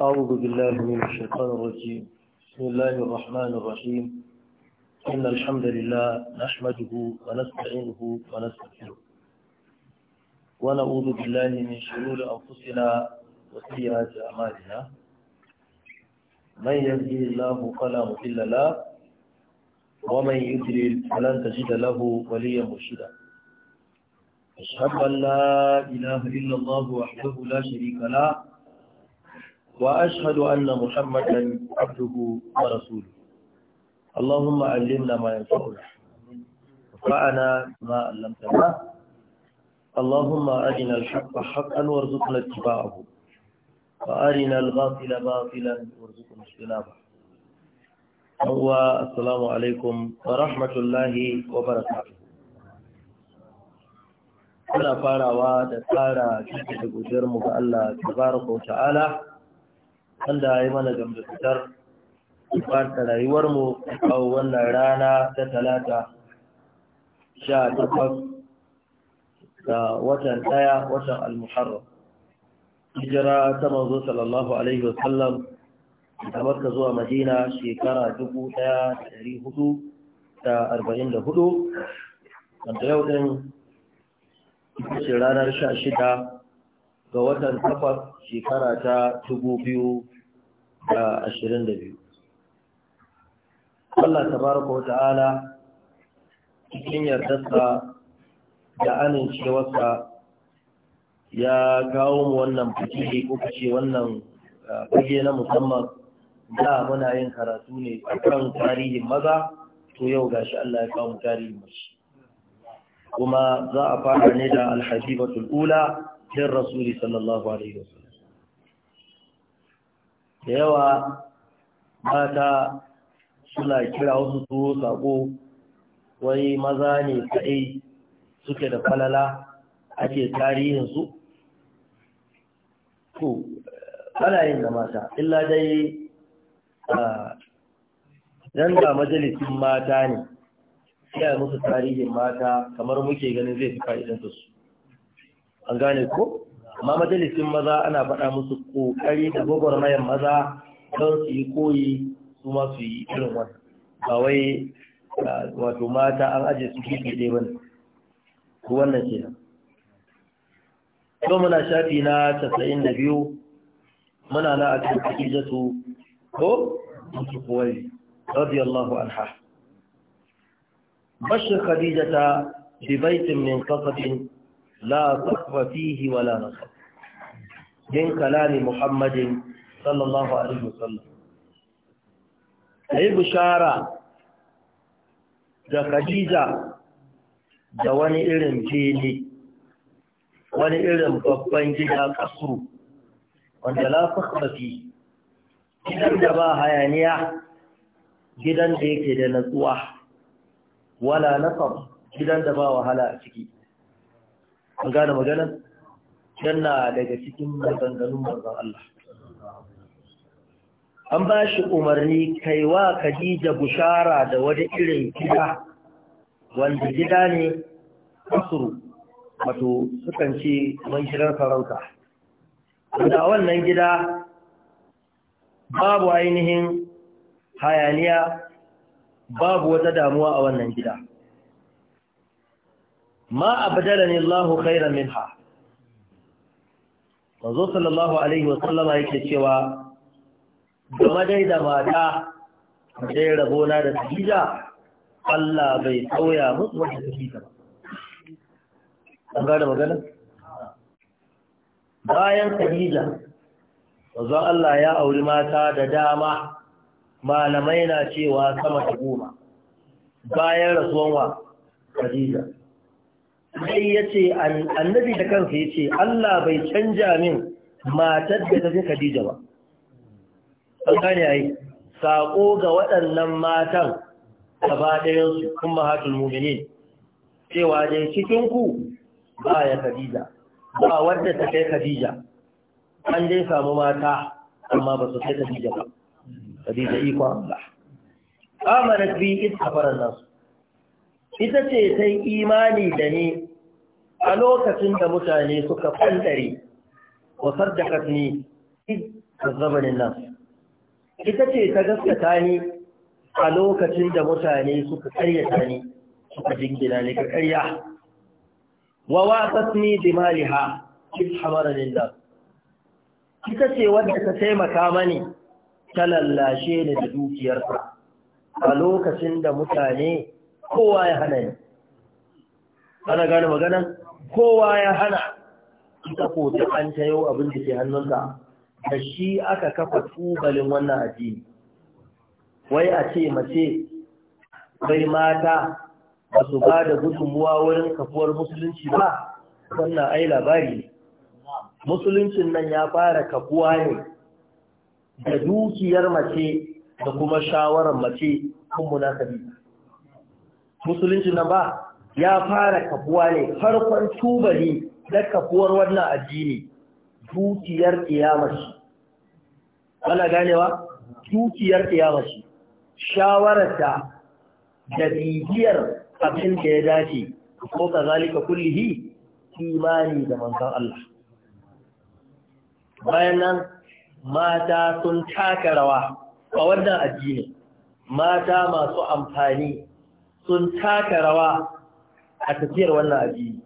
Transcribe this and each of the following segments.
أعوذ بالله من الشيطان الرجيم بسم الله الرحمن الرحيم إن الحمد لله نحمده ونستعينه ونستغفره ونعوذ بالله من شرور أنفسنا وسيئات أعمالنا من يهدي الله فلا مضل له ومن يضلل فلن تجد له وليا مرشدا أشهد أن لا إله إلا الله وحده لا شريك له وأشهد أن محمدا عبده ورسوله اللهم علمنا ما ينفعنا وفعنا ما علمتنا اللهم أرنا الحق حقا وارزقنا اتباعه وأرنا الباطل باطلا وارزقنا اجتنابه هو السلام عليكم ورحمة الله وبركاته Muna farawa da tsara cikin da gujiyarmu ga Allah, tabaraka wa ta'ala, wanda ya yi mana gamdatar farta rayuwarmu a wannan rana ta talata sha takwas da watan ɗaya watan al-muharram hijira ta mazo sallallahu alaihi wasallam da makka zuwa madina shekara 1444 wanda yau din ce ranar 16 ga watan takwas shekara ta 2000 22 ashirin da biyu Allah tabaraka wa ta'ala cikin yardarsa da amincewarsa ya kawo mu wannan fitili ko kace wannan fage na musamman da muna yin karatu ne akan tarihin maza to yau gashi Allah ya kawo mu tarihin mace kuma za a fara ne da alhabibatul ula din rasuli sallallahu alaihi wasallam da yawa mata suna kira wasu tuwo sako wai maza ne kaɗai suke da falala ake tarihinsu to ana da mata illa dai dan da majalisin mata ne sai musu tarihin mata kamar muke ganin zai fi su an gane ko amma majalisin maza ana faɗa musu ƙoƙari da gwagwarmayar maza don su yi koyi su ma su yi irin wani ba wai wato mata an ajiye su fi ɗaya ba ne ko wannan ke nan muna shafi na casa'in da biyu muna na a cikin su. ko mutu kuwai radiyallahu anha bashir khadijata bi baitin min qasatin لا صحف فيه ولا نصب من كلام محمد صلى الله عليه وسلم أي بشارة da Khadija da wani irin fili wani irin babban gida kasru wanda la fakhrafi gidan da ba hayaniya gidan da yake da natsuwa wala nasab gidan da ba wahala a ciki an gane magana yana daga cikin maganganun manzon Allah an ba shi umarni kai wa Khadija bushara da wani irin gida wanda gida ne asuru wato sukan ce mun shirar sarauta Da wannan gida babu ainihin hayaniya babu wata damuwa a wannan gida ma ne Allah khairan minha manzo sallallahu alaihi wa sallama yake cewa game dai da mata dai rabona da tijja Allah bai sauya musu wata tijja ba an gane magana bayan tijja manzo Allah ya auri mata da dama malamai na cewa sama ta goma bayan rasuwan wa tijja sai ya ce annabi da kansa ya ce Allah bai canja min matar da ta fi Khadija ba. An ya yi, saƙo ga waɗannan matan gaba ɗayansu kun mu mumini cewa dai cikinku ba ya Khadija, ba wadda ta kai Khadija. An dai samu mata amma ba su kai Khadija ba. Khadija ikon Allah. Amanat bi ita faran nasu. Ita ce ta imani da ni a lokacin da mutane suka kwandare wa saddakat ni nan ita ce ta gaskata ni a lokacin da mutane suka karyata ni suka jingina ni ka karya wa wasat ni bimaliha in hamaranin nan ita ce wadda ta taimaka mani ta lallashe ni da dukiyarsa a lokacin da mutane kowa ya hana ni ana gane maganan kowa ya hana ita ko ta an tayo abin da ke hannunka da shi aka kafa tubalin wannan addini wai a ce mace bai mata ba su ba da gudunmuwa wurin kafuwar musulunci ba wannan ai labari musuluncin nan ya fara kafuwa ne da dukiyar mace da kuma shawarar mace na munakabi musuluncin nan ba ya fara kafuwa ne farkon tubali na kafuwar wannan addini dukiyar kiyamashi ana ganewa dukiyar kiyamashi shawararta da bibiyar abin da ya dace ko kazalika kullihi imani da manzon Allah bayan nan mata sun taka rawa a wannan addini mata masu amfani sun taka rawa a tafiyar wannan addini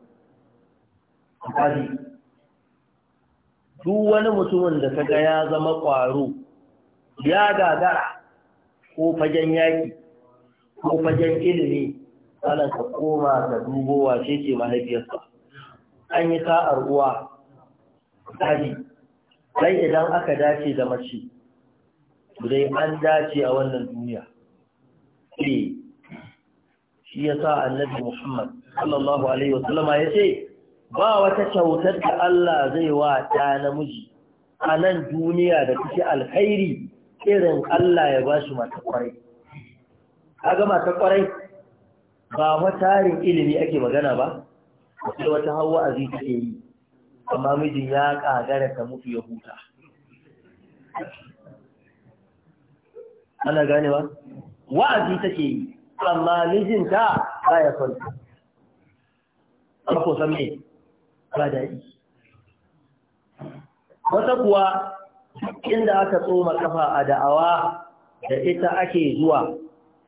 duk wani mutumin da ga ya zama ƙwaro ya gagara ko fagen yaki ko fagen ilimi ana ka koma ka dubo wace ce mahaifiyarsa an yi sa'ar uwa misali sai idan aka dace da mace dai an dace a wannan duniya eh shi sa annabi Muhammad sallallahu alaihi wasallama ya ce ba wata kyautar da Allah zai wa ta namiji a nan duniya da kike alkhairi irin Allah ya ba shi mata kwarai kaga mata kwarai ba rin ilimi ake magana ba sai wata hawa azi take yi amma mijin ya kagara ta mutu ya huta ana gane ba, wa'azi take yi amma mijinta ba ya kwanta ba san me ba daɗi wata kuwa inda aka tsoma kafa a da'awa da ita ake zuwa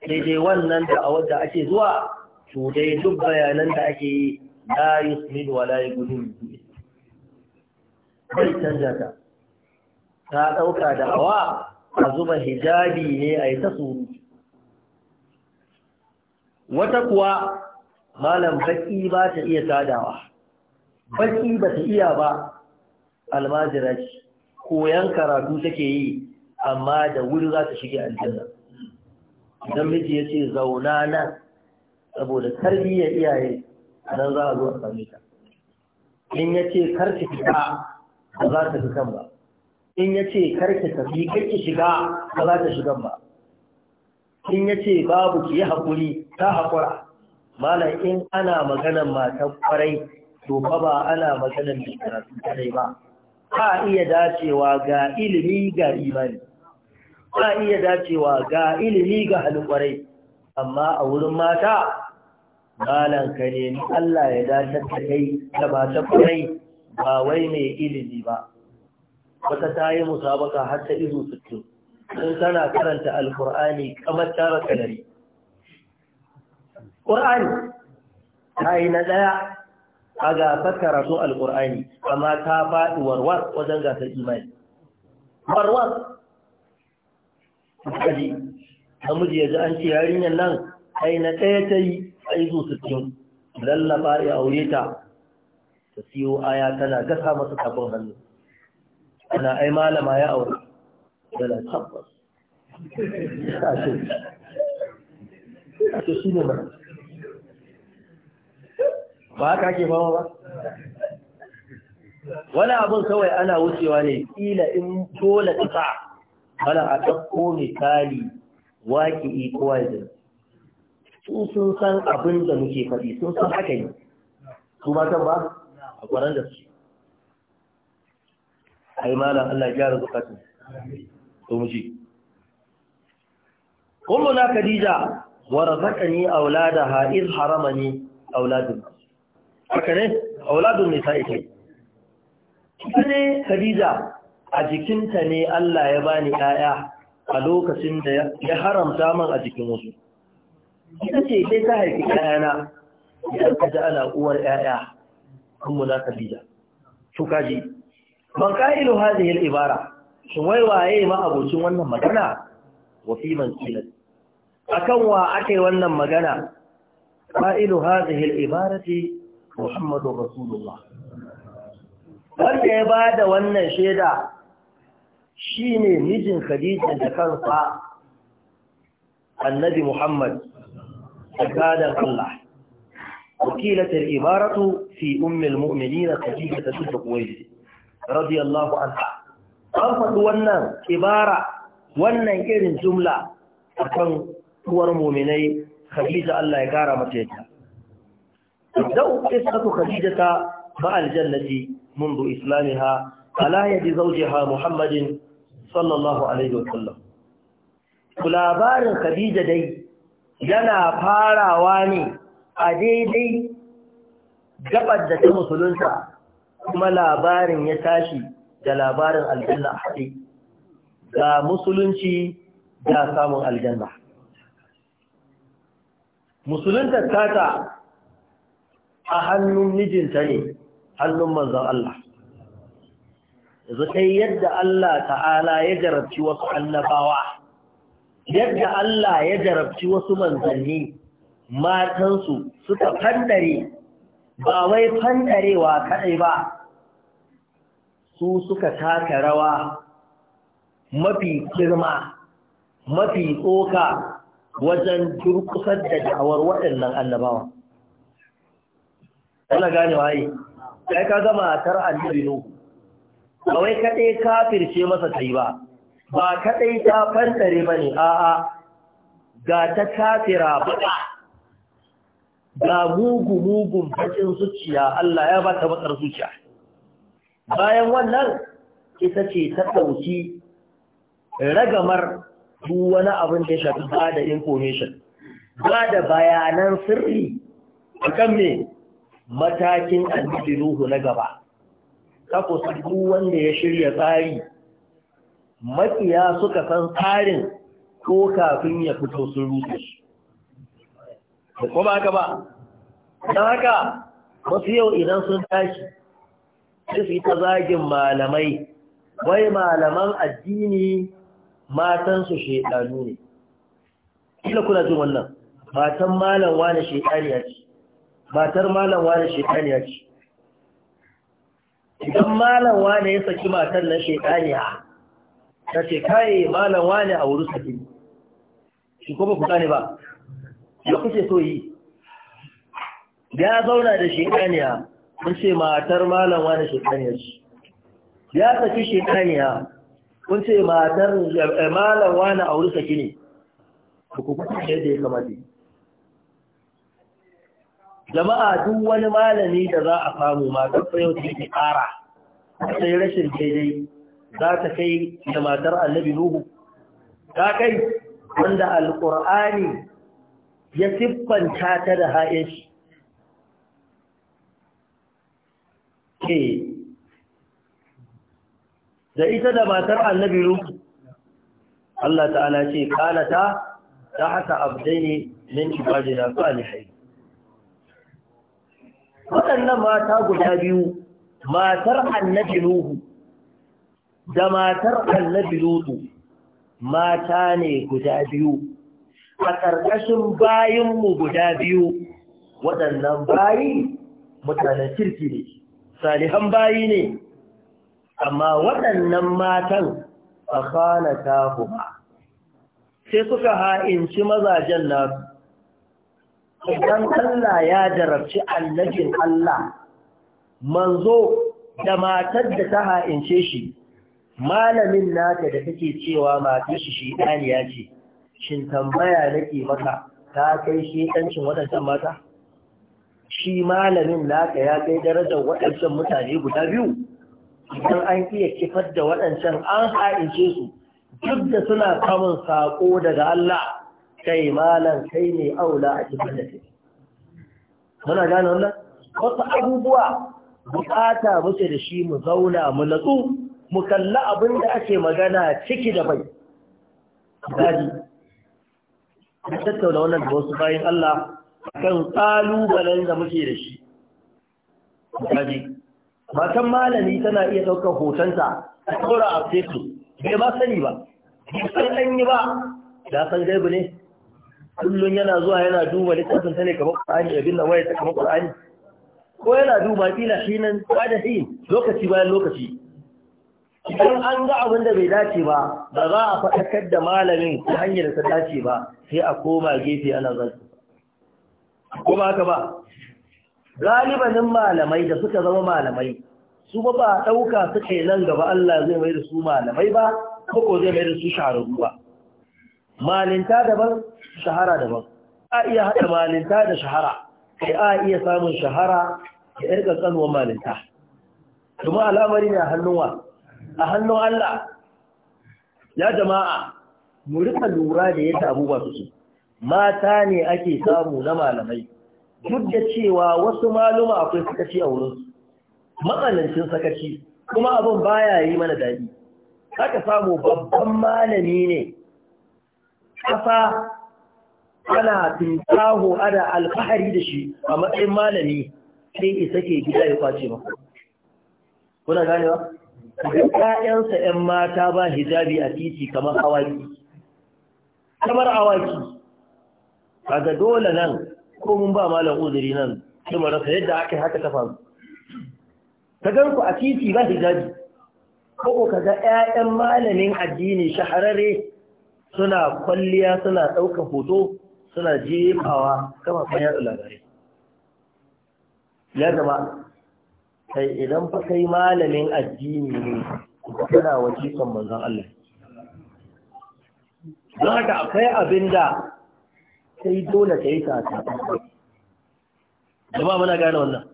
daidai wannan da'awar da ake zuwa to dai duk bayanan da ake yi la yusmin wa la yugudun bai canja ta ta ɗauka da'awa a zuba hijabi ne a yi ta surutu wata kuwa malam baki ba ta iya tadawa baki ba ta iya ba almajira ce koyan karatu take yi amma da wuri za ta shige aljanna idan miji ya ce zauna nan saboda tarbiyya iyaye a nan za a zo a same ta in ya ce karki fita ba za ta fitan ba in ya ce karki tafi karki shiga ba za ta shigan ba in ya ce babu ki yi haƙuri ta haƙura malam in ana maganan matan kwarai to fa ba ana maganan mai karatu kadai ba ba iya dacewa ga ilimi ga imani ba iya dacewa ga ilimi ga halƙwarai amma a wurin mata malam ka ni Allah ya dacar da kai da ba ta kwarai ba wai mai ilimi ba wata ta yi musabaka har ta izo sun tana karanta alkur'ani kamar tara kalari ƙur'ani ta yi na ɗaya a gasar karatu alƙur'ani amma ta faɗi warwar wajen gasar imani warwas kaji namiji ya ji an ce yarinyar nan ai na ɗaya ta yi a izo sittin lallaba ya aure ta ta siyo aya tana gasa masu tafin hannu ana ai malama ya aure yana tabbas a ce shi ne mana ba haka ake fama ba wani abun kawai ana wucewa ne kila in tola tsa bala a ɗauko misali waƙi kowa ya su sun san abin da muke faɗi sun san haka ne su ba san ba a ƙwaron da su ai malam Allah gyara zukatun to mu ji Kullum na khadija wa razaqani auladaha iz haramani auladun haka ne auladun nisa'i kai ita ne khadija a jikinta ne Allah ya bani ɗaya a lokacin da ya haramta man a jikin wasu ita ce dai ta haifi ƴaƴana idan ka ji ana uwar ƴaƴa kan na khadija su kaji man ƙa'ilu hadhihi al-ibara shin wai waye ma abocin wannan magana wa fi man A akan wa ake wannan magana qailu hadhihi al-ibarati Muhammadu Rasulullah. Wanda ya ba da wannan shaida shi ne mijin Khadija da kansa annabi Muhammad tsakanin Allah. Wakilatar ibaratu fi ummil mu'minina Khadija ta radiyallahu anha. An faɗi wannan ibara wannan irin jumla a kan uwar muminai Khadija Allah ya kara mata yadda. تبدأ قصة خديجة مع الجنة منذ إسلامها على يد زوجها محمد صلى الله عليه وسلم labarin Khadija dai yana farawa ne a daidai gabar da ta musulunta kuma labarin ya tashi da labarin aljanna a haɗe ga musulunci da samun aljanna musulunta tata a hannun mijinta ne hannun manzan Allah yanzu kai yadda Allah ta'ala ya jarabci wasu annabawa yadda Allah ya jarabci wasu manzanni matansu suka fandare ba wai fandarewa kaɗai ba su suka taka rawa mafi girma mafi tsoka wajen durkusar da da'awar waɗannan annabawa Allah gane waye kai ka ga matar annabi nu ba wai kadai kafirce masa kai ba ba kadai ta fantare bane a'a ga ta kafira ba ga mugu mugun bacin zuciya Allah ya bata bakar zuciya bayan wannan ita ce ta dauki ragamar duk wani abin da ya shafi ba da information bada bayanan sirri akan me matakin annabi ruhu na gaba kakusa duk wanda ya shirya tsari makiya suka san tsarin ko kafin ya fito sun rufe shi da kuma haka ba don haka wasu yau idan sun tashi su fi ta zagin malamai wai malaman addini matansu shekaru ne kila kuna jin wannan matan malam wani shaidani ya ce matar malam wani shekaniya ce idan malawa ne ya saki matar na shekaniya ta ce kaye malawa ne a wuri saki shi kuma kuka ne ba ya kuke so yi ya zauna da shekaniya kun ce matar malam wani shekaniya ce ya saki shekaniya kun ce matar eh, malawa na a wuri saki ne ku kuma yadda ya kamata jama'a duk wani malami da za a samu matar yau ta yi ƙara sai rashin daidai za ta kai da matar annabi nuhu ta kai wanda alƙur'ani ya siffanta ta da ha'ish ke da ita da matar annabi nuhu Allah ta'ala ce ƙalata ta haka abdai ne min ibadina salihai waɗannan mata guda biyu matar annabi Nuhu da matar annabi Lutu mata ne guda biyu a ƙarƙashin bayinmu guda biyu waɗannan bayi mutanen kirki ne salihan bayi ne amma waɗannan matan a kwanata kuma sai suka ha'inci mazajen nasu idan Allah ya jarabci annabin Allah manzo da matar da ta ha'ince shi malamin naka da take cewa matar shi shedaniya ce shin tambaya nake maka ta kai shi shedancin wadannan mata shi malamin naka ya kai darajar waɗancan mutane guda biyu idan an iya kifar da waɗancan an ha'ince su duk da suna kamun saƙo daga Allah kai malam kai ne aula a cikin da kai muna gane wannan wasu abubuwa bukata muke da shi mu zauna mu natsu mu kalla abin da ake magana ciki da bai Gaji, da tattauna wannan da wasu bayan Allah kan ƙalubalen da muke da shi Gaji, matan malami tana iya ɗaukar hotonta a tsora a fesu bai ma sani ba bai san an yi ba da san gaibu ne kullum yana zuwa yana duba littafin ta ne kamar Qur'ani abin da waye ta kamar Qur'ani ko yana duba kila shi nan ba da shi lokaci bayan lokaci idan an ga abin da bai dace ba ba za a faɗakar da malamin ta hanyar da ta dace ba sai a koma gefe ana zansu ko ba haka ba galibanin malamai da suka zama malamai su ba ba ɗauka suke nan gaba Allah zai mai da su malamai ba ko zai mai da su shahararru ba malinta daban shahara daban a iya haɗa malinta da shahara kai a iya samun shahara da ƴar ƙanƙanuwar malinta kuma al'amari ne a hannunwa a hannun Allah ya jama'a mu rika lura da yadda abubuwa su su mata ne ake samu na malamai duk da cewa wasu maluma akwai sakaci a wurinsu matsalancin sakaci kuma abin baya yi mana daɗi aka samu babban malami ne ƙasa ana tintaho ana alfahari da shi a matsayin malami sai isa ke gida ya kwace ba. kuna ba? da ƙa’yansa 'yan mata ba hijabi a titi kamar awaki kamar awaki kaga dole nan ko mun ba malam uzuri nan sai marasa yadda aka haka ta faru ka gan ku a titi ba hijabi ko ka ga ‘ya’yan malamin addini shahararre suna kwalliya suna ɗaukar hoto suna jefawa kafafen yadda labarai ya gaba kai idan fa kai malamin addini ne kana wajiban manzan Allah don haka akwai abin da sai dole ka yi ta zama muna gane wannan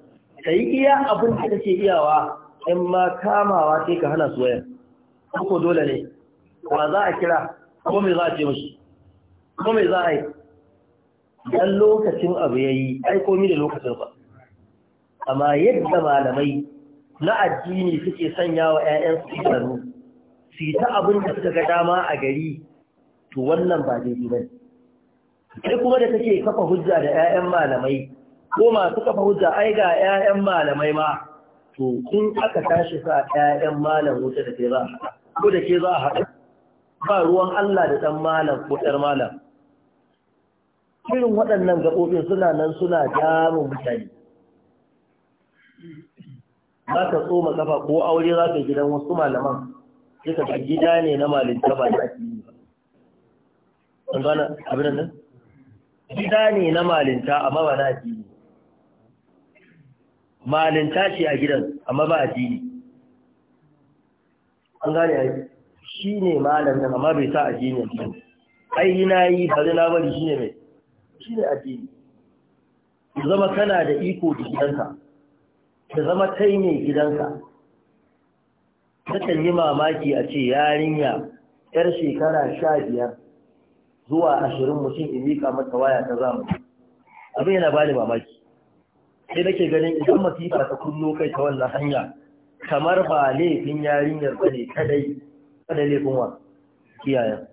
ka yi iya abin da kake iyawa in ma kamawa sai ka hana su wayar ko dole ne wa za a kira ko me za a ce mashi ko mai za a yi dan lokacin abu yayi ai komai da lokacin ba amma yadda malamai na addini suke sanya wa ƴaƴan su tsaro su ta abin da suka ga dama a gari to wannan ba daidai bane sai kuma da take kafa hujja da ƴaƴan malamai ko masu kafa hujja ai ga ƴaƴan malamai ma to in aka tashi sa ƴaƴan malam wuta da ke za a ko da ke za a ba ruwan Allah da ɗan malam ko ɗan malam irin waɗannan gaɓoɓin suna nan suna damun mutane za ka tsoma kafa ko aure za ka gidan wasu malaman sai ka ga gida ne na malinta ba da ake yi ba. An gana abin nan? Gida ne na malinta amma ba na addini. Malinta ce a gidan amma ba addini. An gane a shi ne malamin nan amma bai sa addini ba. Ai na yi bari na bari shi ne mai shi ne addini ya zama kana da iko da gidanka ya zama kai ne gidanka takan yi mamaki a ce yarinya yar shekara sha biyar zuwa ashirin mutum in miƙa mata waya ta zamani abin yana bani mamaki sai nake ganin idan masifa ta kullo kai ta wannan hanya kamar ba laifin yarinyar ba ne kadai kada laifin wa kiyayen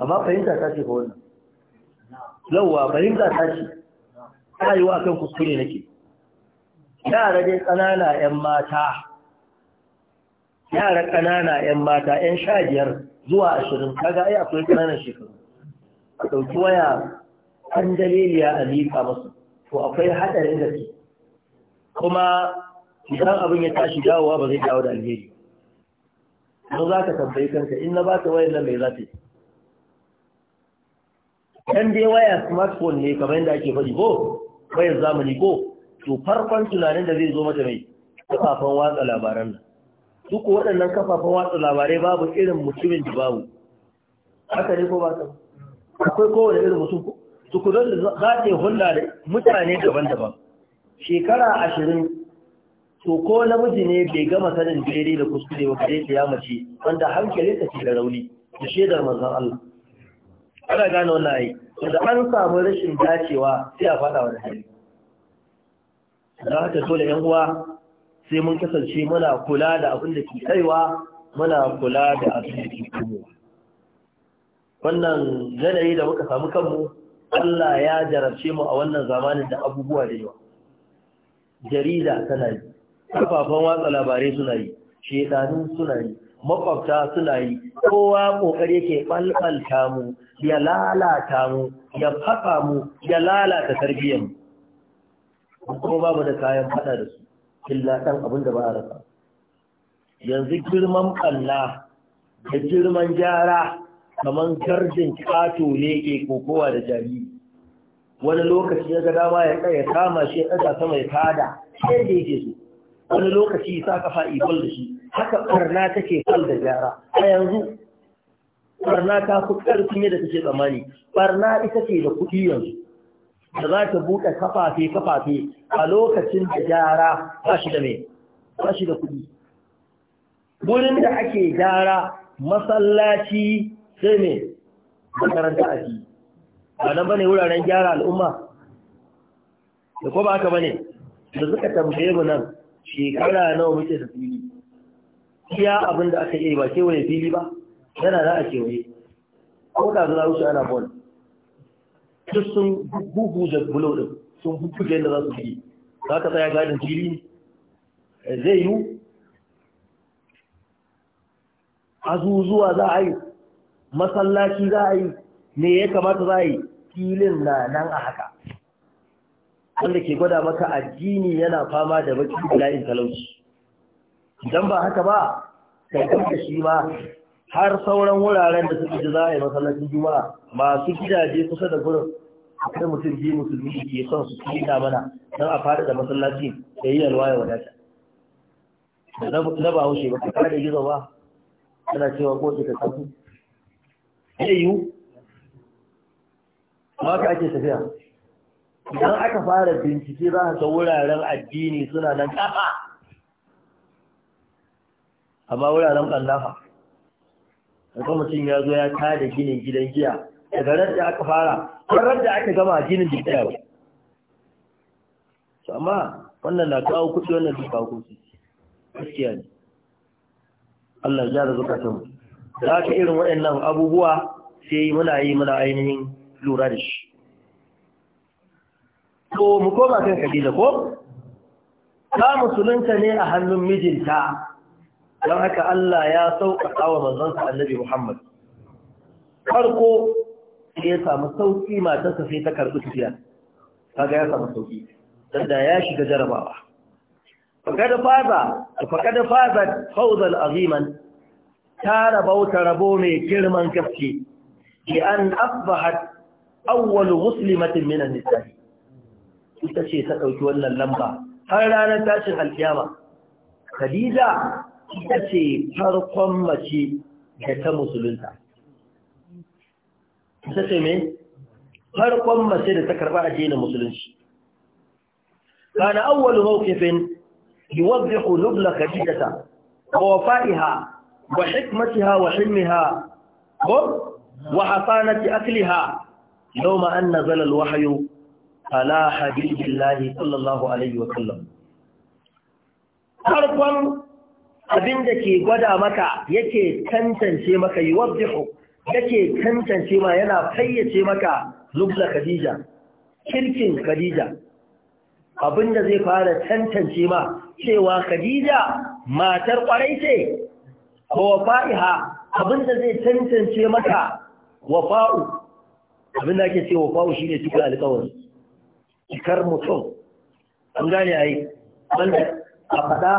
amma fahimta ta ce ba wannan yauwa fahimta ta ce ta yi wa kan kuskure nake yara dai ƙanana 'yan mata yara ƙanana 'yan mata 'yan sha biyar zuwa ashirin kaga ai akwai ƙananan shekaru a ɗauki waya an daliliya a liƙa masu to akwai haɗarin ke kuma idan abin ya tashi dawowa ba zai dawo da alheri ba za ka tambayi kanka in na ba ta wayan nan mai za ta yi dan dai waya smartphone ne kamar yadda ake faɗi ko wayar zamani ko to farkon tunanin da zai zo mata mai kafafen watsa labaran nan duk waɗannan kafafen watsa labarai babu irin mutumin da babu haka ne ko ba ta akwai kowane irin mutum ko su ku don za ta yi hulɗa da mutane daban-daban shekara ashirin to ko namiji ne bai gama sanin jere da kuskure ba kare ta ya mace wanda hankalinta ke da rauni da shaidar manzon Allah ana gane wannan ayi da an samu rashin dacewa sai a faɗa wani hali don haka dole yan uwa sai mun kasance muna kula da abin da ke kaiwa muna kula da abin da ke kuma wannan yanayi da muka samu kanmu Allah ya jarabce mu a wannan zamanin da abubuwa da yawa jarida tana yi kafafan watsa labarai suna yi shekarun suna yi makwabta suna yi kowa kokari yake balbalta mu ya lalata mu ya faɗa mu ya lalata tarbiyyar mu kuma babu da kayan faɗa da su illa ɗan abin da ba a rasa yanzu girman ɓanna da girman gyara kamar garjin kato ne ke kokowa da jariri wani lokaci ya ga dama ya tsaya kama shi ya ɗaga sama ya tada da yake so wani lokaci sa kafa ibal da shi haka ɓarna take fal da gyara a yanzu barna ta fi ƙarfin yadda take tsammani barna ita ce da kuɗi yanzu da za ta buɗe kafafe kafafe a lokacin da gyara ba shi da mai ba shi da kuɗi wurin da ake gyara masallaci sai ne makaranta a ciki ba nan ba ne wuraren gyara al'umma da kuma ba haka ba ne da suka tambaye mu nan shekara nawa muke da fili iya abin da aka yi ba kewaye fili ba yana za a kewaye ko da za wuce ana bol duk sun bugu da bulo din sun bubbuge da za su yi za ka tsaya gadin fili eh, zai yi azuzuwa za a yi masallaci za a yi me ya kamata za a yi filin na nan a haka wanda ke gwada maka addini yana fama da baki bala'in talauci idan ba haka ba kai kanka shi ba. har sauran wuraren da suka ji za a yi masallacin juma'a masu gidaje kusa da gurin akwai mutum biyu musulmi ke son su kida mana don a fara da masallaci da yi alwa ya wadata na ba haushe ba kakar da gizo ba tana cewa ko ce ka kafu zai yiwu ma ka ake tafiya idan aka fara bincike za a ga wuraren addini suna nan kafa amma wuraren kandafa ga mutum ya zo ya da ginin gidan giya daga ran da aka fara har da aka gama ginin da giya to amma wannan na kawo kuɗi wannan na kawo kuɗi gaskiya ne Allah ya razuka ta mu da aka irin waɗannan abubuwa sai muna yi muna ainihin lura da shi to mu koma kan kabila ko ta musulunta ne a hannun mijinta don haka Allah ya sauƙaƙa wa manzansa annabi Muhammad farko ya samu sauƙi matarsa sai ta karɓi tafiya kaga ya samu sauƙi dan da ya shiga jarabawa faqad faza faqad faza aziman ta rabauta rabo mai girman gaske bi an asbahat awwal muslimatin min an ita ce ta ɗauki wannan lamba har ranar tashin alkiyama khadija ita ce farkon mace da ta musulunta ita ce me farkon mace da ta karɓa addinin musulunci kana awwalu mawqifin yuwaddihu nubla khadijata wa faiha wa hikmatiha wa ko wa hasanati akliha yawma an nazala al-wahyu ala habibillahi sallallahu alaihi wa sallam farkon abin da ke gwada maka yake tantance maka yi, yuwaddihu yake tantance ma yana fayyace maka zubla khadija kirkin khadija abin da zai fara tantance ma cewa khadija matar kwarai ce ko wafa'iha abin da zai tantance maka wafa'u abin da ake ce wafa'u ne cikin alƙawari cikar mutum an gane yi. wanda a faɗa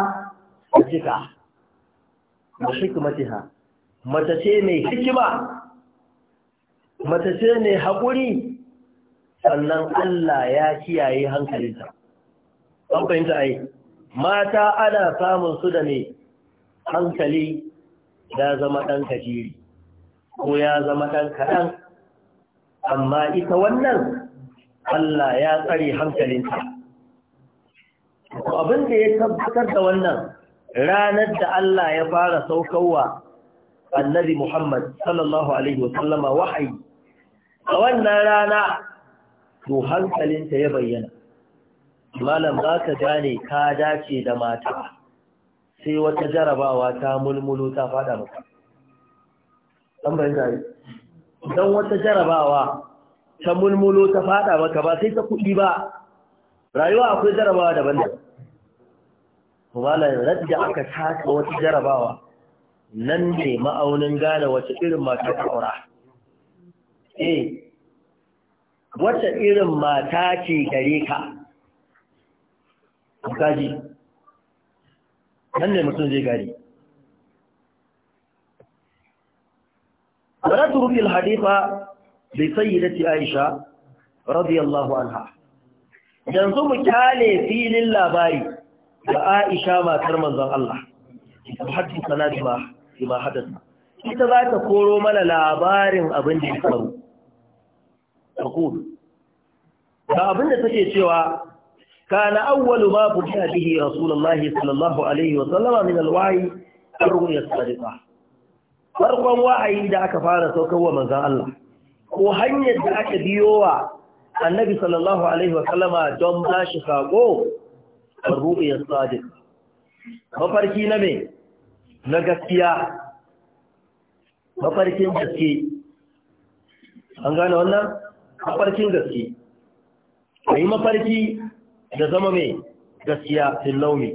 a cika da hikmatiha mace ce mai hikima mace ce mai haƙuri sannan Allah ya kiyaye hankalinta an fahimta ai mata ana samun su da ne hankali ya zama ɗan kajiri ko ya zama ɗan kaɗan amma ita wannan Allah ya tsare hankalinta abin da ya tabbatar da wannan ranar da Allah ya fara saukowa annabi Muhammad sallallahu alaihi wasallama wahayi a wannan rana to hankalinta ya bayyana malam za ka gane ka dace da mata sai wata jarabawa ta mulmulu ta fada maka don wata jarabawa ta mulmulo ta fada maka ba sai ta kuɗi ba rayuwa akwai jarabawa daban-daban Kumala radda aka taka wata jarabawa nan ne ma'aunin gane wace irin mata ta aura. Eh, wace irin mata ce gare ka? Kaji, nan ne mutum zai gari. Wadatu rufi Hadifa bai sayi da Aisha, radiyallahu anha. Yanzu mu kyale filin labari. da Aisha matar manzon Allah haddi sanadi ma ma haddasa. ita za ta koro mana labarin abin da ya faru taqulu ga abin da take cewa kana awwalu ma buka bihi rasulullahi sallallahu alaihi wa sallama min alwahi ar-ru'ya as farkon wa'ayi da aka fara saukarwa manzan Allah ko hanyar da aka biyo wa annabi sallallahu alaihi wa sallama don ba shi saƙo الرؤيا الصادق mafarki na me na gaskiya mafarkin gaske an gane wannan mafarkin gaske a yi mafarki da zama mai gaskiya fillaumi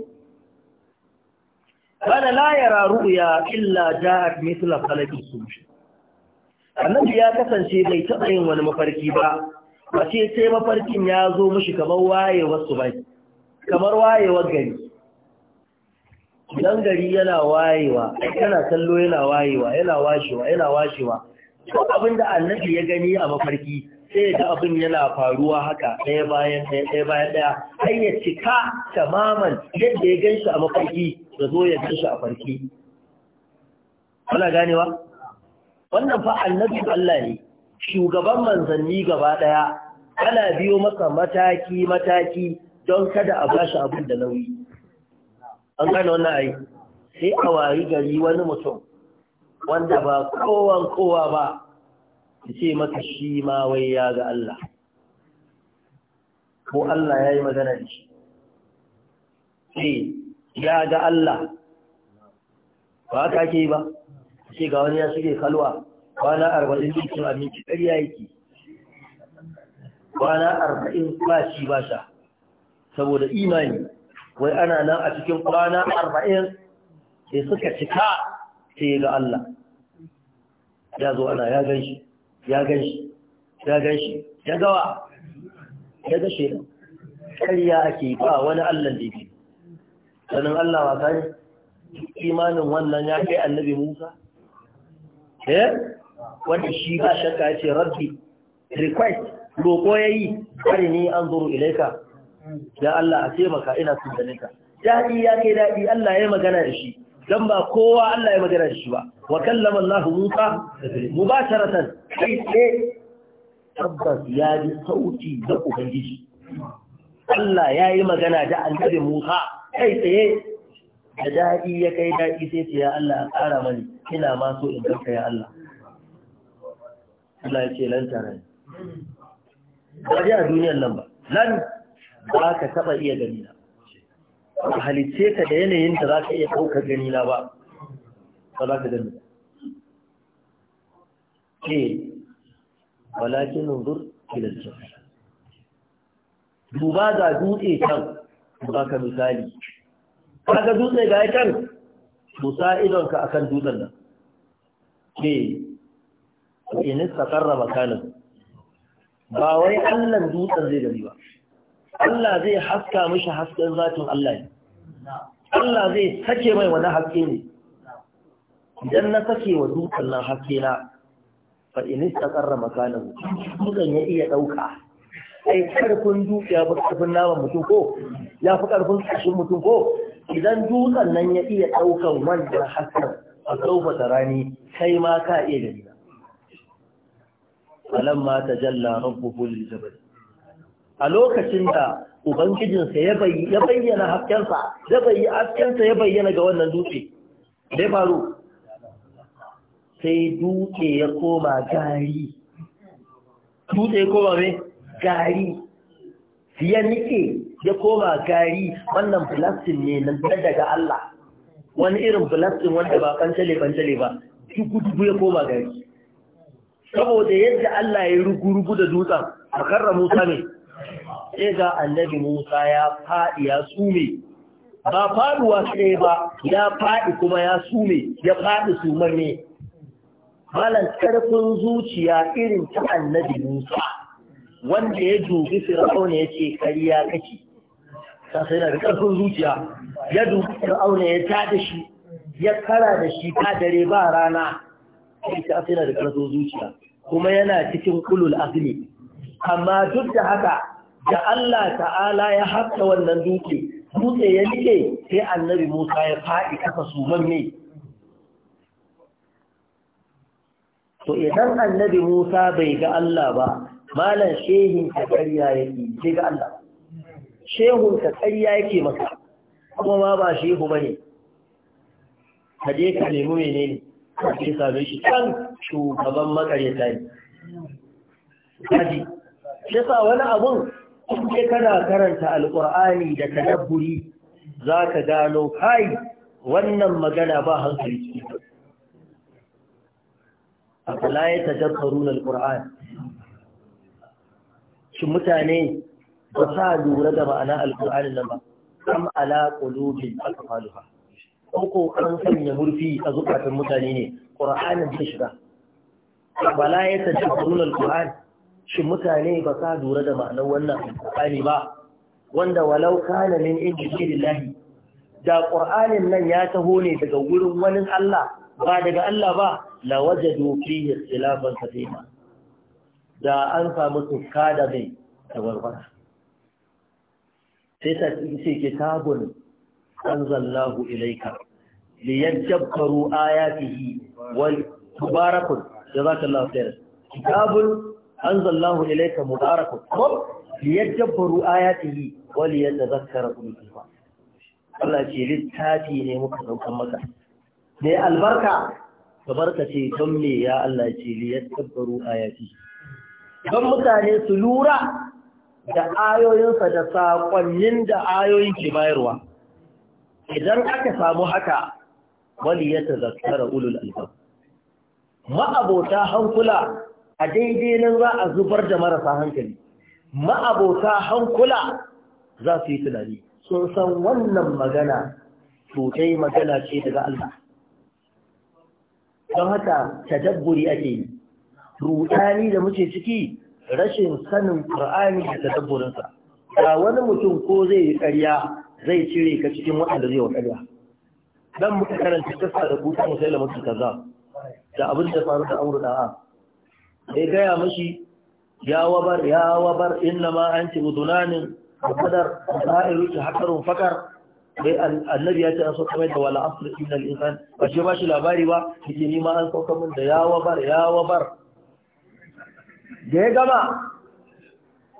kana la yara ru'ya illa ja'at mithla falaki sumshi annabi ya kasance bai taɓa yin wani mafarki ba ba ce sai mafarkin ya zo mushi kamar waye wasu bai kamar wayewar gari idan gari yana wayewa yana kallo yana wayewa yana washewa yana washewa ko abin da annabi ya gani a mafarki sai ya ga abin yana faruwa haka ɗaya bayan ɗaya ɗaya bayan ɗaya har ya cika tamaman yadda ya gan shi a mafarki da zo ya gan shi a farki kana ganewa wannan fa annabi Allah ne shugaban manzanni gaba ɗaya ana biyo masa mataki mataki don kada a bashi abin da nauyi an gane wannan ai sai a wari gari wani mutum wanda ba kowan kowa ba ya ce maka shi ma wai ya ga Allah ko Allah ya yi magana da shi sai ya ga Allah ba ka ke ba ce ga wani ya shige kalwa kwana arba'in cikin abinci ƙarya yake kwana arba'in ba shi ba sha saboda imani wai ana nan a cikin kwana arba'in sai suka cika sai ga Allah ya zo ana ya gan shi ya gan shi ya gan shi ya gawa ya ga shi ƙarya ake ba wani Allah da yake sanin Allah wasa ne imanin wannan ya kai annabi Musa eh wanda shi ba shakka ya ce rabbi request roƙo ya yi ƙari ne an zuru ilaika ya Allah a taimaka ina son ganin ka Daɗi ya kai daɗi Allah ya magana da shi Don ba kowa Allah ya magana da shi ba wa na Allah Musa mubasharatan kai sai tabbas ya ji sauti da ubangiji Allah ya yi magana da annabi Musa kai tsaye da daɗi ya kai daɗi sai ce ya Allah a ƙara mani ina ma so in ganka ya Allah Allah ya ce lantarai ba a duniyar nan ba nan ba ka taɓa iya ganina ba halitce ka da yanayin da za ka iya ɗaukar ganina ba ba za ka na ke walakin nunzur ilal jami'a duba ga dutse can ba ka misali ka dutse ga can musa idonka akan dutsen nan ke in istaqarra makanin. ba wai Allah dutsen zai gani ba Allah zai haska mishi hasken zatin Allah ne Allah zai sake mai wani haske ne idan na sake wa dukkan nan haske na fa ta istaqarra makanahu mutum ya iya ɗauka. ai karfin dutse ya fi karfin naman mutum ko ya fi karfin ƙashin mutum ko idan dutsen nan ya iya ɗaukan wancan hasken a saufa da rani kai ma ka iya gani jalla tajalla rabbuhu lil jabal a lokacin da ubangijinsa ya bayyana haskensa ya bayyana haskensa ya bayyana ga wannan dutse dai faru sai dutse ya koma gari dutse ya koma mai gari ya nike ya koma gari wannan filastin ne na daga Allah wani irin filastin wanda ba kancale-kancale ba dubu ya koma gari saboda yadda Allah ya rugu-rugu da dutsen a karra musa ne. sai ga annabi Musa ya faɗi ya sume ba faɗuwa sai ba ya faɗi kuma ya sume ya faɗi sumar ne malan ƙarfin zuciya irin ta annabi Musa wanda ya dubi Fir'auna ya ce ya kaci ta sai na da ƙarfin zuciya ya dubi Fir'auna ya ta da shi ya kara da shi ta dare ba rana sai ta sai da ƙarfin zuciya kuma yana cikin kulul azmi amma duk da haka da Allah ta'ala ya hatta wannan dutse dutse ya nike sai annabi Musa ya faɗi kafa suman manne to idan annabi Musa bai ga Allah ba malan shehin ta ƙarya yake sai ga Allah shehun ta ƙarya yake masa kuma ma ba shehu bane ka je ka nemi menene ka ce same shi kan shugaban makaryata ne shi sa wani abun ke kana karanta alƙur'ani da tadabburi za ka gano kai wannan magana ba hankali ce a kula ya tadabbaru na alƙur'ani shi mutane ba sa lura da ma'ana alƙur'anin nan ba kam ala ƙulubin alƙaluha ko an sanya murfi a zukatan mutane ne ƙur'anin ta shiga bala ya tadabbaru na alƙur'ani shin mutane ba sa lura da ma'anar wannan alƙur'ani ba wanda walau kana min inda lillahi da ƙur'anin nan ya taho ne daga wurin wani Allah ba daga Allah ba Na la wajadu fihi ikhtilafan ma. da an samu tukka da bai tawarwara sai ta ce kitabun anzalallahu ilayka liyadabbaru ayatihi da mubarakun ta lafiyar kitabun An anzallahu ilayka mubarakun qul liyadabbaru ayatihi wa liyatadhakkara ulul albab Allah ce littafi ne muka saukan maka dai albarka tabarka ce don me ya Allah ce liyadabbaru ayatihi don mutane su lura da ayoyinsa da saƙonnin da ayoyin ke bayarwa idan aka samu haka wani ya tazakkara ulul albab abota hankula a daidai nan za a zubar da marasa hankali ma'abota hankula za su yi tunani sun san wannan magana tutai magana ce daga Allah don haka tadabburi ake yi rudani da muke ciki rashin sanin Qur'ani da sa. ga wani mutum ko zai yi ƙarya zai cire ka cikin waɗanda zai wa ƙarya dan muka karanta kasa da kuta musailama kaza da abin da faru da amru da'a sai gaya mashi ya wabar ya wabar inna ma an ci udunanin kadar za'iru ki hakarun fakar sai annabi ya ce an sauka mai da wala asr inna al insan ba shi ba shi labari ba kike ni ma an sauka min da ya wabar ya wabar da ya gama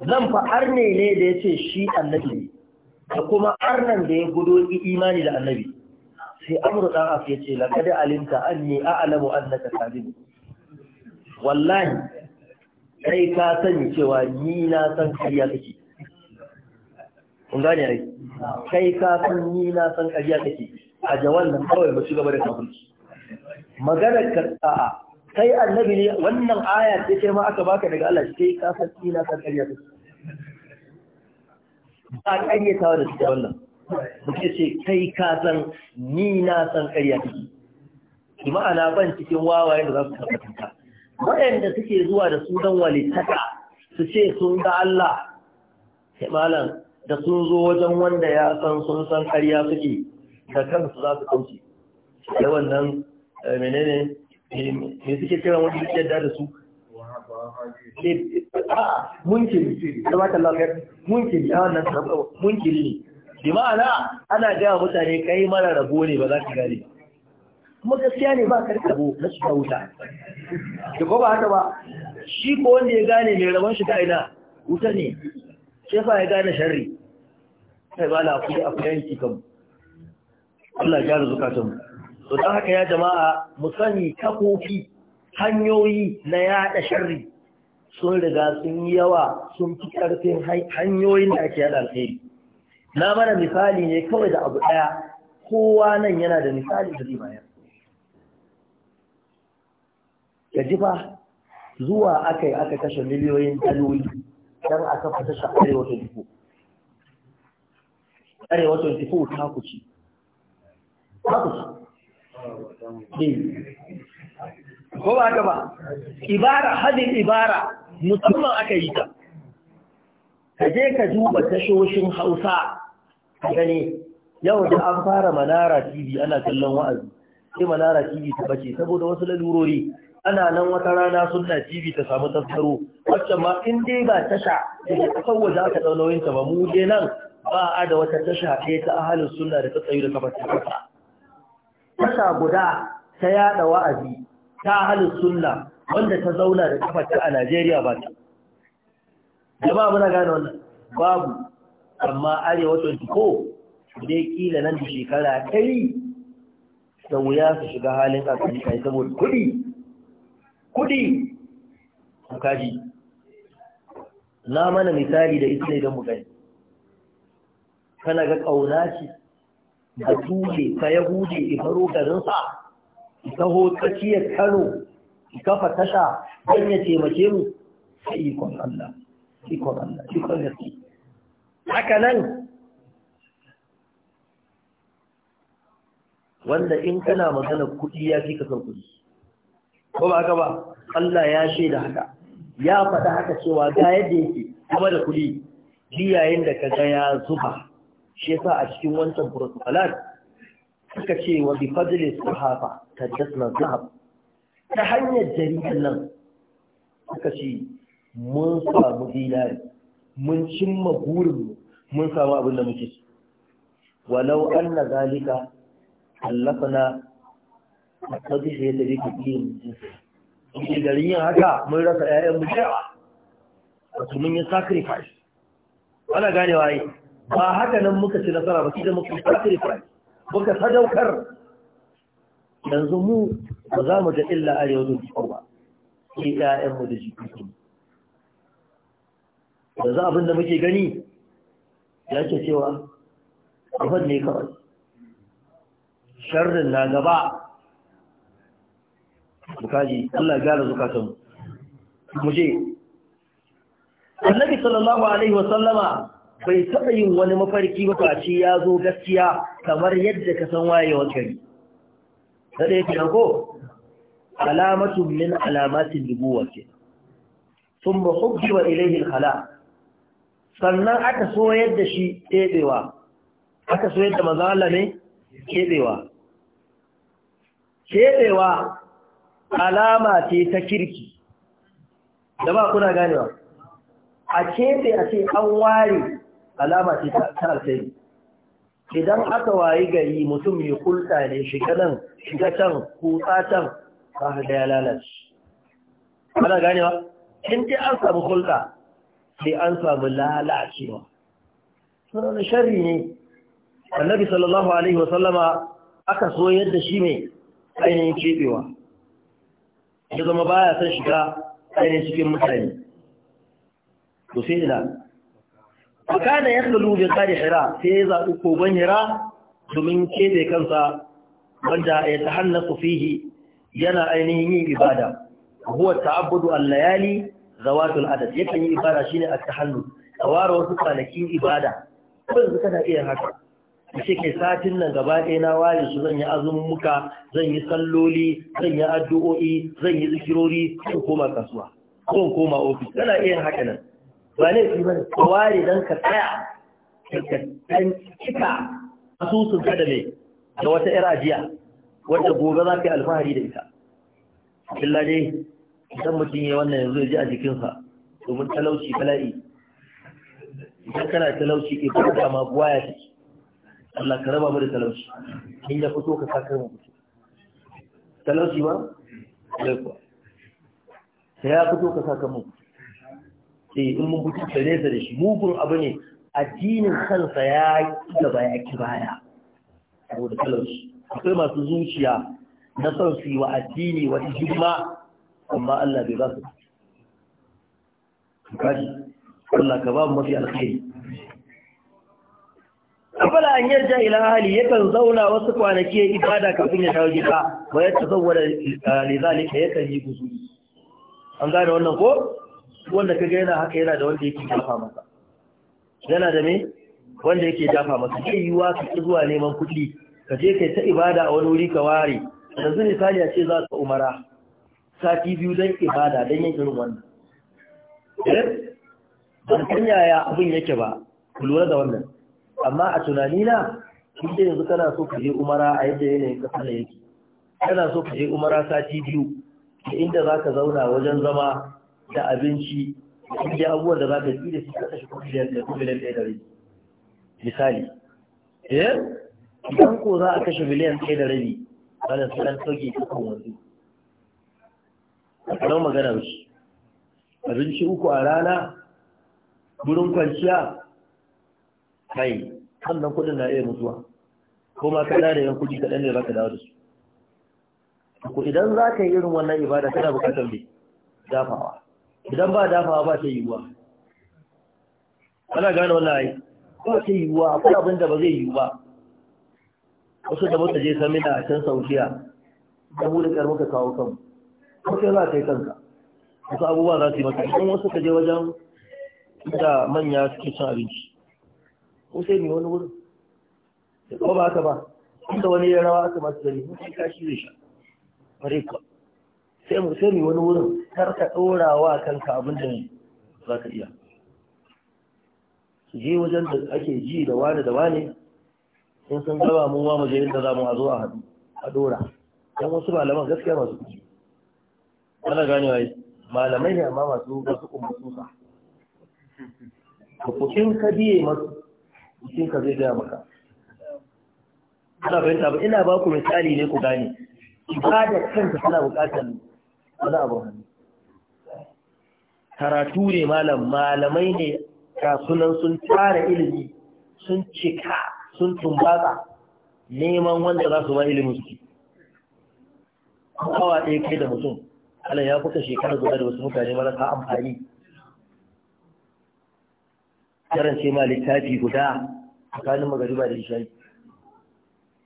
zan fa arne ne da ya ce shi annabi da kuma arnan da ya gudo imani da annabi sai amru dan af ya ce laqad alimta anni a'lamu annaka kadhib wallahi kai ka sani cewa ni na san ƙarya kake kun gane ai kai ka san ni na san ƙarya kake a jawan nan kawai ba ci gaba da kafirci maganar ka a kai annabi ne wannan aya ce ce ma aka baka daga Allah kai ka san ni na san ƙarya kake ba ƙaryatawa da cikin wannan muke ce kai ka san ni na san ƙarya kake ki ma'ana ban cikin wawaye da za su tabbatar waɗanda suke zuwa da su don walittaka su ce sun ga Allah malam da sun zo wajen wanda ya san sun san ƙarya suke da kansu za su kauce da wannan eh, menene me suke kira wani suke da su eh, munkiri da ta lafiyar munkiri a wannan munkiri ne bi ma'ana ana gaya mutane kai mara rabo ne ba za ka gane kuma gaskiya ne ba ka da abu na shiga wuta da ko ba haka ba shi ko wanda ya gane mai rabon shiga ina wuta ne shefa ya gane sharri sai ba la kudi a kudanci kan Allah ya zukatan mu to dan haka ya jama'a mu sani kafofi hanyoyi na yada sharri sun riga sun yi yawa sun fi karfin hanyoyin da ake yada alheri na mana misali ne kawai da abu daya kowa nan yana da misali da zai bayar ka ji zuwa aka yi aka kashe miliyoyin daloli don a kafa tasha arewa 24 arewa 24 ta kuci ta kuci ko ba ka ba ibara hadin ibara musamman aka yi ta ka je ka duba tashoshin hausa ka gani yau da an fara manara tv ana kallon wa'azi sai manara tv ta bace saboda wasu lalurori ana nan wata rana suna TV ta samu tasaro wacce ma in dai ba tasha da kasar waje aka dau nauyin ta ba mu dai nan ba a da wata tasha ɗaya ta ahalin sunna da ta tsayu da kafar ta tasha guda ta yada wa'azi ta ahalin sunna wanda ta zauna da kafata ta a Najeriya ba ta jama'a muna gane wannan babu amma arewa 24 dai kila nan da shekara ɗari da wuya su shiga halin kakani kai saboda kuɗi kudi kaji na mana misali da ita idan mu gani kana ga kauna ce da tuje ka yahude ifaro garinsa ita ho kano kafa tasha don ya taimake mu a ikon Allah ikon Allah ikon gaske haka nan wanda in kana magana kuɗi ya fi kasar kuɗi ko ba ka ba Allah ya shaida haka ya faɗa haka cewa ga yadda yake kuma da kuɗi biyayen da kaga ya zuba shi yasa a cikin wancan protocolat suka ce wa bi fadli sahaba tajasna zahab ta hanyar jaridar nan suka ce mun samu dinari mun cimma burinmu mun samu abin da muke walau anna zalika allafna sauki sai ya tafi ka yin jinsi garin yin haka mun rasa ƴaƴan mu yawa wato mun yi sacrifice ana ganewa yi ba haka nan muka ci nasara ba da muka sacrifice muka sadaukar yanzu mu ba za mu ga illa arewa da jikin ba sai ƴaƴan mu da jikin yanzu abin da muke gani ya ce cewa abin ne kawai sharrin na gaba bukaji Allah ya gara zukatan mu je annabi sallallahu alaihi wa sallama bai taɓa yin wani mafarki ba face ya zo gaskiya kamar yadda ka san wayewar gari ta ɗaya kenan ko alamatu min alamatin dubuwa ce sun hubbiwa hujjiwa ilaihin hala sannan aka so yadda shi keɓewa aka so yadda Allah ne keɓewa keɓewa alama ce ta kirki da ba kuna ganewa a kefe a ce an ware alama ce ta alkhairi idan aka wayi gari mutum mai kulta ne shiga nan shiga can kutsa can ba da ya lalace Kuna ganewa in ce an samu kulta sai an samu lalacewa sunan sharri ne annabi sallallahu alaihi wasallama aka so yadda shi mai ainihin cebewa ya zama ba ya son shiga ainihin cikin mutane to sai ina da ya kalu bin kari hira sai ya zaɓi kogon hira domin keɓe kansa wanda ya ta fihi yana ainihin yin ibada huwa ta'abbudu al-layali zawatul adad yakan yi ibada shine at-tahallul a ware wasu kwanakin ibada kuma yanzu kana iya haka ce kai satin nan gaba ɗaya na waye su zan yi azummuka zan yi salloli zan yi addu'o'i zan yi zikirori zan koma kasuwa ko koma ofis kana iya yin haka nan ba ne fi bane ka ware dan ka tsaya ka dan kika asusun ka da me. da wata yar jiya. wanda gobe za ka yi alfahari da ita illa dai idan mutum ya wannan yanzu ya ji a jikinsa domin talauci bala'i idan kana talauci ibada ma buwaya take Allah ka raba mu da talauci in ya fito ka sakar mu fito talauci ba sai kuwa sai ya fito ka sakar mu sai eh, in mun fito da nesa da shi mugun abu ne addinin kansa ya gaba ya ki baya saboda talauci akwai masu zuciya na son su yi wa addini wata hidima amma Allah bai ba su kaji Allah ka ba mu mafi alkhairi Afala an yarja ila hali yakan zauna wasu kwanaki ya ibada kafin ya dawo gida ba ya da eh, lizalika yakan yi gudu. an gane wannan ko wanda kaga yana haka yana da wanda yake dafa masa yana da me wanda yake dafa masa ke yiwuwa ka ci zuwa neman kuɗi ka je kai ta ibada a wani wuri ka ware yanzu misali a ce za ka umara sati biyu don ibada don yin irin wannan eh? ban san yaya abin yake ba ku lura da wannan amma a tunanina in da yanzu kana so ka je umara a yadda yanayin kasa na yake kana so ka je umara sati biyu da inda za ka zauna wajen zama da abinci da inda abubuwan da za ka yi da su ka kashe kuɗi da kuɗi da ɗaya da rabi misali eh idan ko za a kashe miliyan ɗaya da rabi wanda su ɗan sauke kan wanzu a magana ba abinci uku a rana gurin kwanciya kai wannan kudin na iya mutuwa ko ma ka dare yan kudi kaɗan ne za ka dawo da su ko idan za ka yi irin wannan ibada kana bukatar ne dafawa idan ba dafawa ba sai yiwuwa kana gane wannan ai ba ta yiwuwa akwai abin da ba zai yiwu ba wasu da muka je samina a can saudiya da mu da karmuka kawo kanmu ko sai za ka yi kanka wasu abubuwa za su yi maka idan wasu ka je wajen da manya suke cin abinci Hussein wani wurin da kawo ba ka ba inda wani ya rawa aka masu gari mutu ka shi shi farika sai mu sai mu wani wurin kar ka ɗora wa kanka abin da za ka iya je wajen da ake ji da wani da wani in sun gaba mun wa muje da za mu a zo a haɗu a ɗora. yan wasu malaman gaskiya masu kuɗi ana ganewa malamai ne amma masu masu kuma tsutsa ka kuɗin ka biye masu cikin ka zai gaya maka ana fahimta ba ina ba ku misali ne ku gane ibada kanta tana buƙatar wani abu hannu karatu ne malam malamai ne kasunan sun tara ilimi sun cika sun tumbaka neman wanda za su ba ilimin su kawa ɗaya kai da mutum ala ya fuka shekara guda da wasu mutane marasa amfani ce ma littafi guda tsakanin magariba da isha'i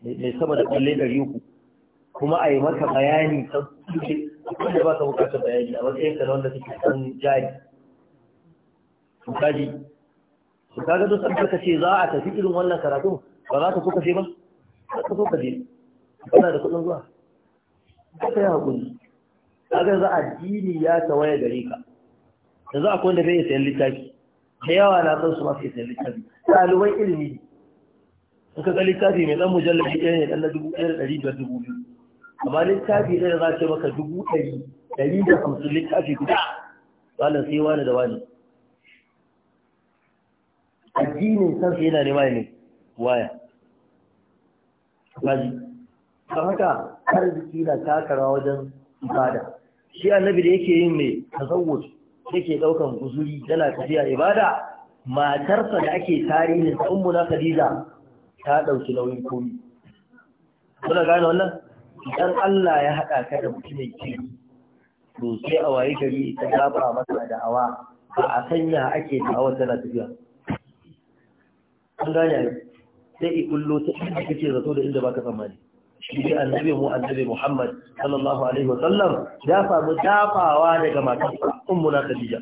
mai sama da kwalle ɗari uku kuma a yi maka bayani ta tuke wanda ba ka bukatar bayani a matsayin ka wanda suke kan jari su kaji su kaga duk an ka ce za a tafi irin wannan karatun? ba za ka so kashe ba ba ka so je. kana da kuɗin zuwa ka yi haƙuri kaga za a dini ya tawaye gare ka yanzu akwai wanda bai sayan littafi da yawa na zan su ma sai sai littafi ɗaliban ilimi ne in ka ga littafi mai ɗan mujallabi ɗaya ne ɗan na dubu ɗaya da ɗari biyar dubu biyu amma littafi ɗaya za ce maka dubu ɗari ɗari da hamsin littafi guda wanda sai wani da wani addinin sansa yana nema ne waya kaji don haka arziki na takara wajen ibada shi annabi da yake yin mai tazawwur yake ɗaukan guzuri tana tafiya ibada matarsa da ake tarihin ta na Khadija ta ɗauki nauyin komi kuna gane wannan idan Allah ya haɗa ka da mutumin kirki to sai a waye gari ta gaba masa da'awa ba a sanya ake da'awa tana tafiya kun gane sai i kullo ta inda kake zato da inda baka tsammani shi ne annabi mu annabi Muhammad sallallahu alaihi wa sallam ya samu dafawa daga matarsa ummuna Khadija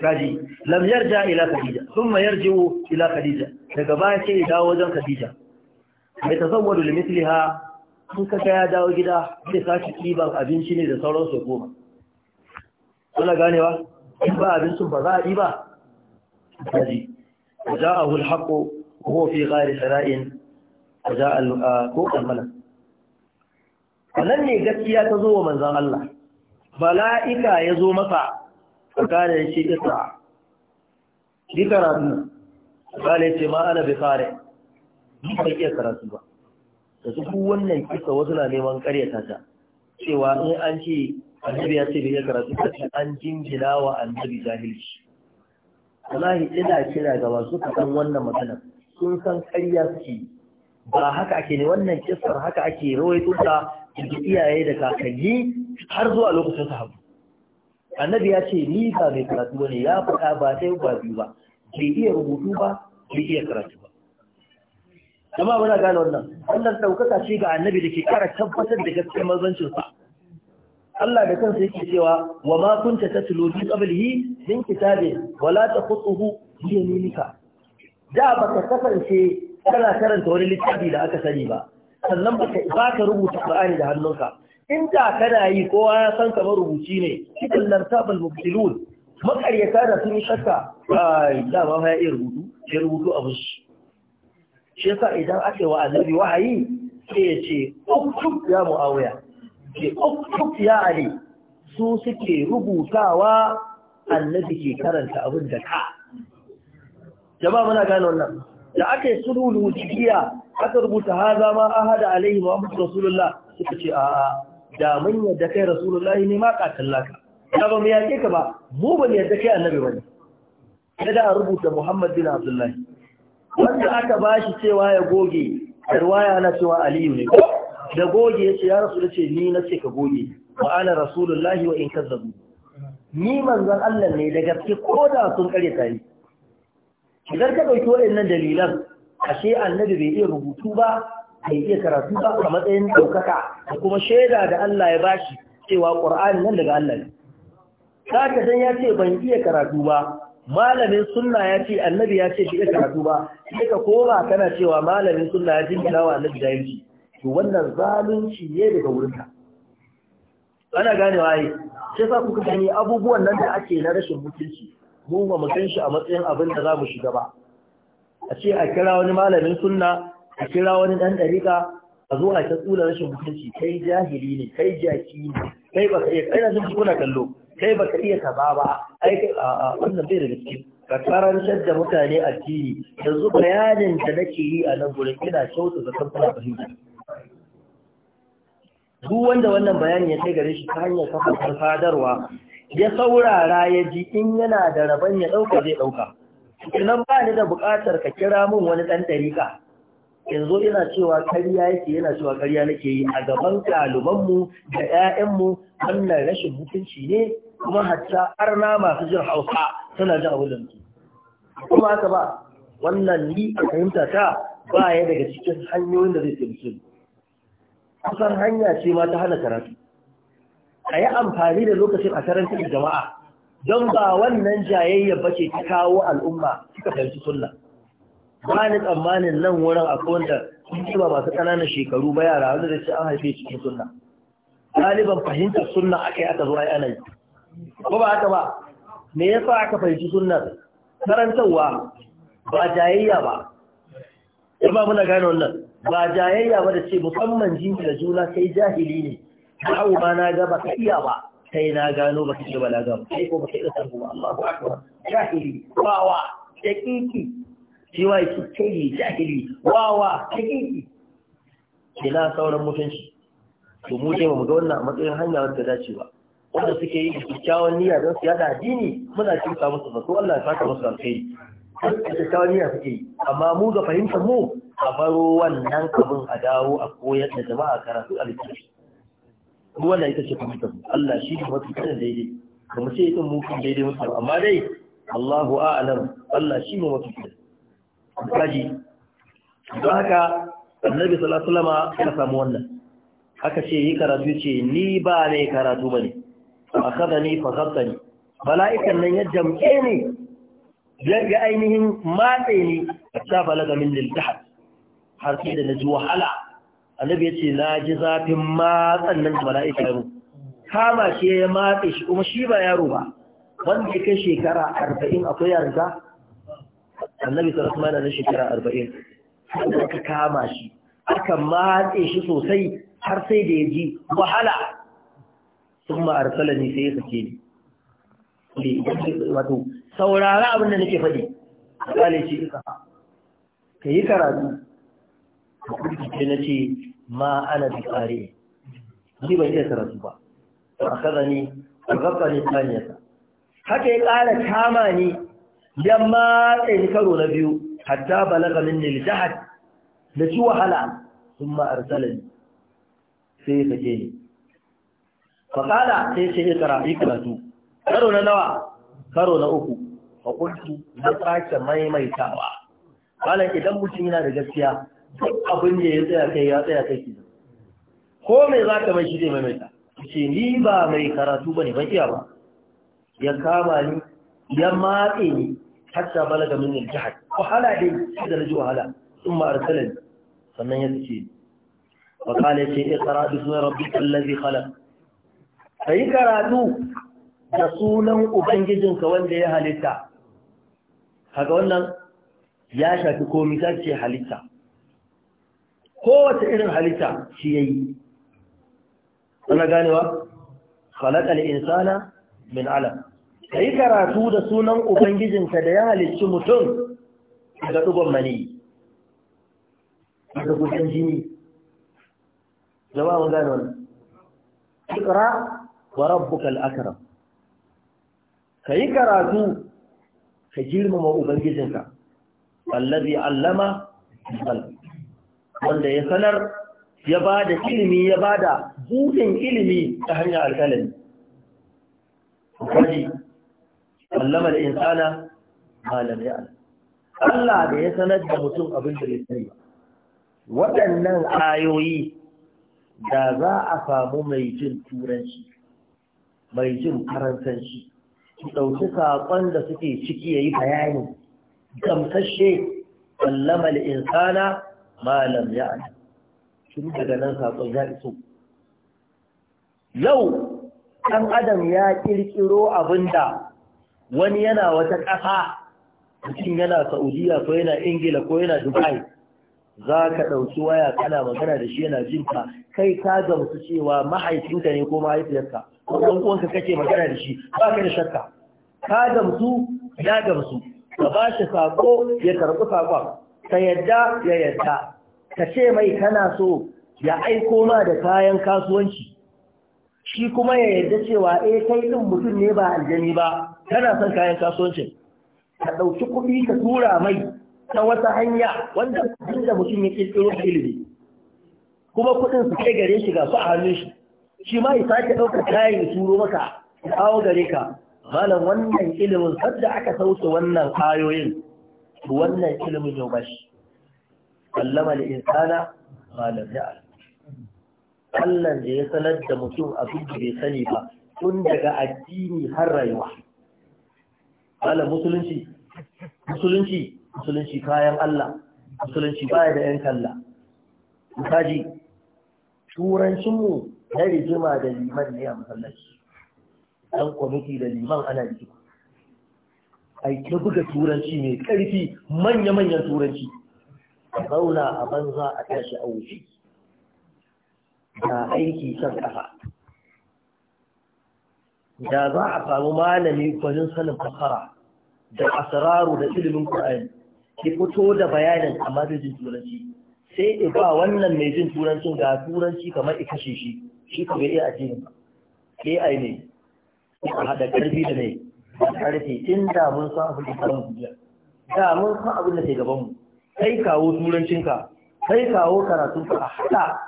kaji lam yarja ila Khadija thumma yarji'u ila Khadija daga baya sai ya dawo wajen Khadija bai tazawwadu li mithliha kun kaga ya dawo gida sai saki kiban abinci ne da sauran su goma kuna ganewa in ba abincin ba za a yi ba kaji ja'ahu al-haqqu وهو fi غير ثناء wajen ko kalmalan Wannan ne gaskiya ta zo wa manzan Allah bala'ika ya zo masa tsakanin shi isa shi karatu bala ce ma ana bai ba iya karatu ba da su wannan kisa wasu na neman karyata ta cewa in an ce annabi ya ce bai iya karatu ta ce an jingina wa annabi jahilci wallahi ina kira ga masu kaɗan wannan magana sun san karya suke ba haka ake ne wannan kisar haka ake rawaito ta da iyaye da kakanni har zuwa lokacin sahabu annabi ya ce ni ba mai karatu ne, ya faɗa ba sai ba biyu ba bai iya rubutu ba bai iya karatu ba amma muna gane wannan wannan ɗaukaka ce ga annabi da ke kara tabbatar da gaskiyar sa Allah da kansa yake cewa wa ma kunta tatlu bi qablihi min kitabin wala taqutuhu bi yaminika da ba ka kasance kana karanta wani littafi da aka sani ba sannan ba ka rubuta Qur'ani da hannunka inda kana yi kowa ya san kamar rubuci ne cikin lartabal mubtilun makaryata da sun shakka da ba ma ya iya rubutu ya rubutu a musu shi yasa idan aka yi wa annabi wahayi sai ya ce uktub ya muawiya ce uktub ya ali su suke rubutawa annabi ke karanta abin da ka jama'a muna gane wannan da aka yi sulhul wujudiyya aka rubuta haza ma ahada alaihi muhammad rasulullah suka ce a'a da mun yadda kai rasulullah ne ma laka ya ba mu yake ka ba mu ba mu yadda kai annabi ya kada a rubuta muhammad bin abdullahi wanda aka ba shi cewa ya goge riwaya na cewa aliyu ne da goge ya ce ya rasu ce ni na ce ka goge wa ana rasulullahi wa in kazzabu ni manzon Allah ne da gaske ko da sun kare tare idan ka ɗauki waɗannan dalilan ashe annabi bai iya rubutu ba bai iya karatu ba a matsayin ɗaukaka da kuma shaida da Allah ya bashi cewa ƙur'ani nan daga Allah ne kaga dan ya ce ban iya karatu ba malamin sunna ya ce annabi ya ce bai iya karatu ba sai ka koma kana cewa malamin sunna ya ji wa annabi da yanki to wannan zalunci ne daga wurinka ana ganewa ai sai sa kuka gani abubuwan nan da ake na rashin mutunci mu ba mu san shi a matsayin abin da za mu shiga ba a ce a kira wani malamin sunna a kira wani dan ɗarika a zo a ta tsula rashin mutunci kai jahili ne kai jaki ne kai baka iya kai na kuna kallo kai baka iya kaza ba ai a wannan bai da gaske ka karantar da mutane addini yanzu bayanin da nake yi a nan gurin ina kyautu da kan fahimta duk wanda wannan bayani ya kai gare shi ta hanyar kafa sadarwa ya saurara ya ji in yana da rabon ya ɗauka zai ɗauka nan ba ni da buƙatar ka kira min wani ɗan ɗarika yanzu ina cewa ƙarya yake yana cewa ƙarya nake yi a gaban ɗalibanmu da 'ya'yanmu wannan rashin mutunci ne kuma hatta arna masu jin hausa suna jin abin da kuma haka ba wannan ni a fahimta ta ba ya daga cikin hanyoyin da zai taimaki. kusan hanya ce ma ta hana karatu a yi amfani da lokacin a karanta cikin jama'a don ba wannan jayayya ba ce ta kawo al'umma suka fahimci sunna ba ni tsammanin nan wurin a wanda sun ci ba masu ƙananan shekaru ba yara wanda da ce an haife cikin sunna ɗaliban fahimtar sunna aka yi aka zuwa ai ana ko ba haka ba me ya sa aka fahimci sunna karantarwa ba jayayya ba ba muna gane wannan ba jayayya ba da ce musamman jinki da juna sai jahili ne na'u ma na ga baka iya ba sai na gano baka iya balaga ba sai ko baka iya sarfu ba Allahu akbar jahili wawa dakiki shi wa yake kai jahili wawa dakiki ina sauran mutunci to mu dai ba mu ga wannan a matsayin hanya wadda dace ba wanda suke yi kyakkyawan niyya don su yada addini muna cuta musu ba to Allah ya saka musu alkhairi kyakkyawan niyya suke yi amma mu ga fahimtar mu a baro wannan abin a dawo a koyar da jama'a karatu a littafi wannan ita ce fahimtar mu Allah shi ne mafi kanin daidai ba mu ce ita mu kan daidai mutu amma dai Allahu a'lam Allah shi ne mafi kanin kaji don haka annabi sallallahu alaihi wasallam ya samu wannan haka ce yi karatu ce ni ba ne karatu bane akadani fa khattani mala'ikan nan ya jamke ni ya ainihin matse ni ta balaga min lil har sai da ji wahala annabi ya ce na ji zafin matsan nan da mala'ika ya kama shi ya matse shi kuma shi ba yaro ba wanda ya kai shekara arba'in akwai yarda annabi rasu mana na shekara arba'in sai aka kama shi aka matse shi sosai har sai da ya ji wahala sun ma ne sai ya sake ni saurara abin da nake faɗi a kale shi ka yi karatu sai na ce ma ana bi tsare ni ban iya karatu ba to a kaza ni a gabba ne tsaniyarsa haka ya ƙara kama ni ya matse ni karo na biyu hatta balaga min ne jihar da ci wahala sun ma'arsalin sai ya kace ni faƙala sai sai ya kara yi karatu karo na nawa karo na uku a kuntu na sake maimaitawa ƙalan idan mutum yana da gaskiya duk abin da ya tsaya kai ya tsaya kai kina ko mai za ka mai shi zai maimaita ce ni ba mai karatu ba ne ban iya ba ya kama ni ya matse ni hatta balaga min al-jahad wahala dai da ji wahala arsala ne sannan ya suke وقال يا suna اقرأ kallon zai الذي ka yi karatu da sunan ubangijinka wanda ya halitta kaga wannan ya shafi komai ta ce halitta kowace irin halitta shi yayi ana ganewa khalaqal insana min alaq kai karatu da sunan ubangijinka da ya halicci mutum ga dugon mani daga gudan jini zama mun gane wannan iqra wa rabbukal akram kai karatu ka girmama ubangijinka allazi allama bil wanda ya sanar ya ba da ilimi ya ba da buɗin ilimi ta hanyar alƙalami kwaji allama da insana malam ya Allah da ya sanar da mutum abin da ya sani waɗannan ayoyi da za a samu mai jin turanci mai jin faransanci su ɗauki saƙon da suke ciki ya yi bayani gamsashe allama da insana malam ya ana shiru daga nan saƙon ya iso yau ɗan adam ya ƙirƙiro abin da wani yana wata ƙasa mutum yana saudiya ko yana ingila ko yana dubai za ka ɗauki waya kana magana da shi yana jin ka kai ka gamsu cewa mahaifinka ne ko mahaifiyarka ko ɗan uwanka kake magana da shi ba ka da shakka ka gamsu ya gamsu ka ba shi sako ya karɓi saƙon. Ta yadda ya yadda ta ce mai kana so ya aiko ma da kayan kasuwanci shi kuma ya yadda cewa eh kai ɗin mutum ne ba aljani ba tana son kayan kasuwanci ka ɗauki kuɗi ka tura mai ta wata hanya wanda da mutum ya a ilimi kuma kuɗin su kai gare shi ga su a hannun shi shi ma ya sake ɗaukar kayan ya turo maka kawo gare ka malam wannan ilimin sadda aka sauke wannan ayoyin wannan ilimin yau ba shi allama da insana malam ya Allah da ya sanar da mutum abin da bai sani ba tun daga addini har rayuwa malam musulunci musulunci musulunci kayan Allah musulunci baya da yan kalla kaji turancinmu na rijima da liman ne a masallaci ɗan kwamiti da liman ana jiki a yi buga turanci mai ƙarfi manya-manyan turanci a zauna a banza a tashi a wuce da aiki san ƙasa da za a samu malami gwajin sanin fasara da asararu da ilimin ƙur'ani ke fito da bayanin a madajin turanci sai e ba wannan mai jin turancin ga turanci kamar ikashe shi shi kuma iya addini ba ai ne a haɗa ƙarfi da mai da karfe inda mun san abin da ke gaban mu da mun san abin da ke gaban mu kai kawo turancinka kai kawo karatu a hada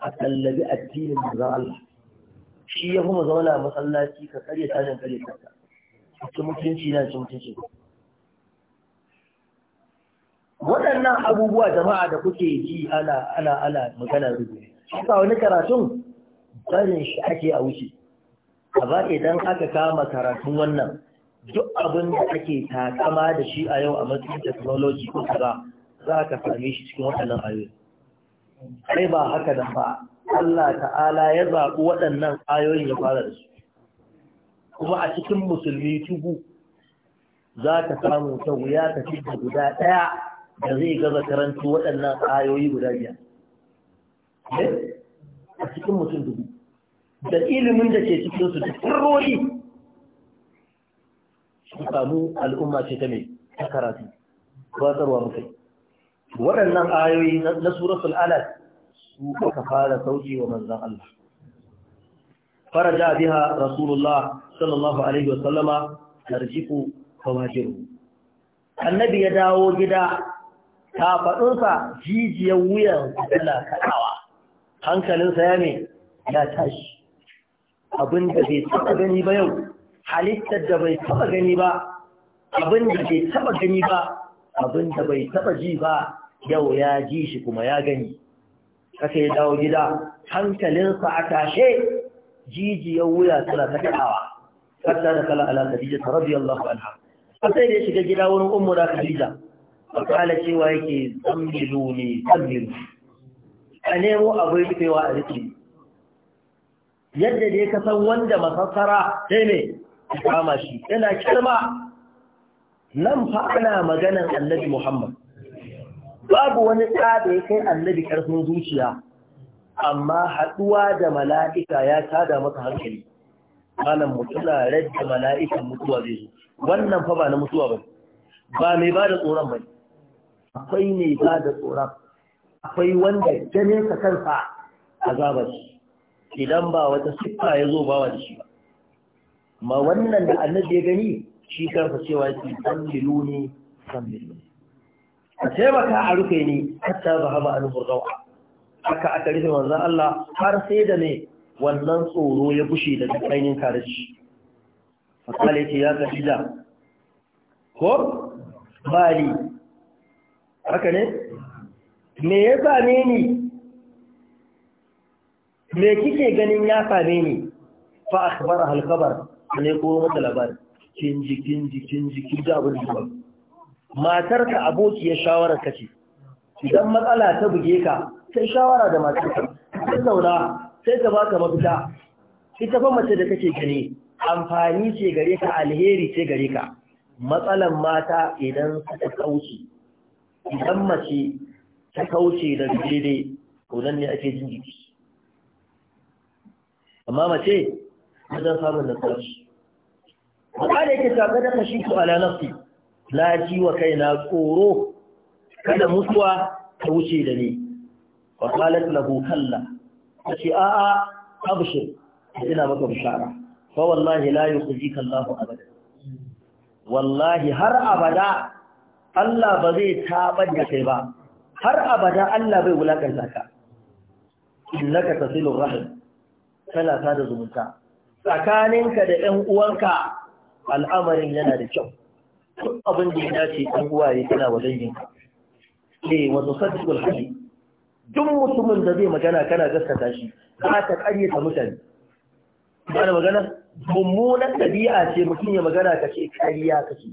a tallabi addinin manzon Allah shi ya kuma zauna a masallaci ka karya tashin karya kasa cikin mutunci na cikin mutunci waɗannan abubuwa jama'a da kuke ji ana ana ana magana rubuce shi ba wani karatun barin shi ake a wuce a ba idan aka kama karatun wannan duk abin da ake takama da shi a yau a matsayin technology ko tara, za ka sami shi cikin waɗannan ayoyi sai ba haka da ba Allah ta'ala ya zaɓi waɗannan ayoyin ya fara da su kuma a cikin musulmi tubu za ka samu ta wuya ka fi da guda ɗaya da zai gaza karanta waɗannan ayoyi guda biyar eh? a cikin mutum dubu da ilimin da ke cikinsu da tsirroli shi al'umma ce ta mai ta karatu ba watsarwa mukai waɗannan ayoyi na suratul alaq su ka fara sauki wa manzan Allah faraja biha rasulullah sallallahu alaihi wasallama tarjifu fawajiru annabi ya dawo gida ta faɗinsa jijiyar wuyan tana kaɗawa hankalinsa ya ne ya tashi abin da bai taɓa gani ba yau halittar da bai taba gani ba abin da bai taba gani ba abin da bai taba ji ba yau ya ji shi kuma ya gani kasa ya dawo gida hankalinsa a tashe jijiyar wuya tana ta kaɗawa kasa da kala ala khadija ta rabi Allah anha kasa ya shiga gida wurin ummu da khadija a kala cewa yake zambilu ne zambilu a nemo abin rufewa a rufe yadda dai ka san wanda masassara sai ne kama shi yana kirma nan fa ana maganar annabi Muhammad babu wani tsada ya kai annabi karfin zuciya amma haɗuwa da mala'ika ya tada masa hankali malam mutuna radda mala'ikan mutuwa zai zo wannan fa ba na mutuwa ba ba mai ba da tsoron ba akwai mai ba da tsoron akwai wanda gane ka kansa azabar idan ba wata siffa ya zo bawa da shi ba ma wannan da annabi ya gani shi karfa cewa yake sallilu ne sallilu a taimaka a rufe ni hatta ba haɓa an burgawa haka aka rufe manzan Allah har sai da ne wannan tsoro ya bushe da ainihin karishi fakale ce ya kashi da ko bali haka ne me ya same ni me kike ganin ya same ni fa akhbara al khabar ka ne ko mata labari kin ji kin ji kin ji kin ji abin da matar ka abokiyar shawara ka ce idan matsala ta buge ka sai shawara da matar ka sai zauna sai ka baka mafita ita fa mace da kake gani amfani ce gare ka alheri ce gare ka matsalan mata idan suka kauce idan mace ta kauce da daidai to nan ne ake jin jiki amma mace wajen samun nasarci amma da yake taɓa da kashi ko ala nafsi na ji wa kaina tsoro kada mutuwa ta wuce da ni wa qalat lahu kalla tace a a abshir ina maka bishara fa wallahi la yukhzika Allahu abada wallahi har abada Allah ba zai taɓar da kai ba har abada Allah bai wulakanta ka innaka tasilur rahim kana sada zumunta tsakaninka da ɗan uwanka al'amarin yana da kyau duk abin da ya dace ɗan uwa ya tana wa danginka eh wato sadiqul hali duk mutumin da zai magana kana gaskata shi za ta ƙaryata mutane ba magana mummunan ɗabi'a ce mutum ya magana ka ce ƙarya ce.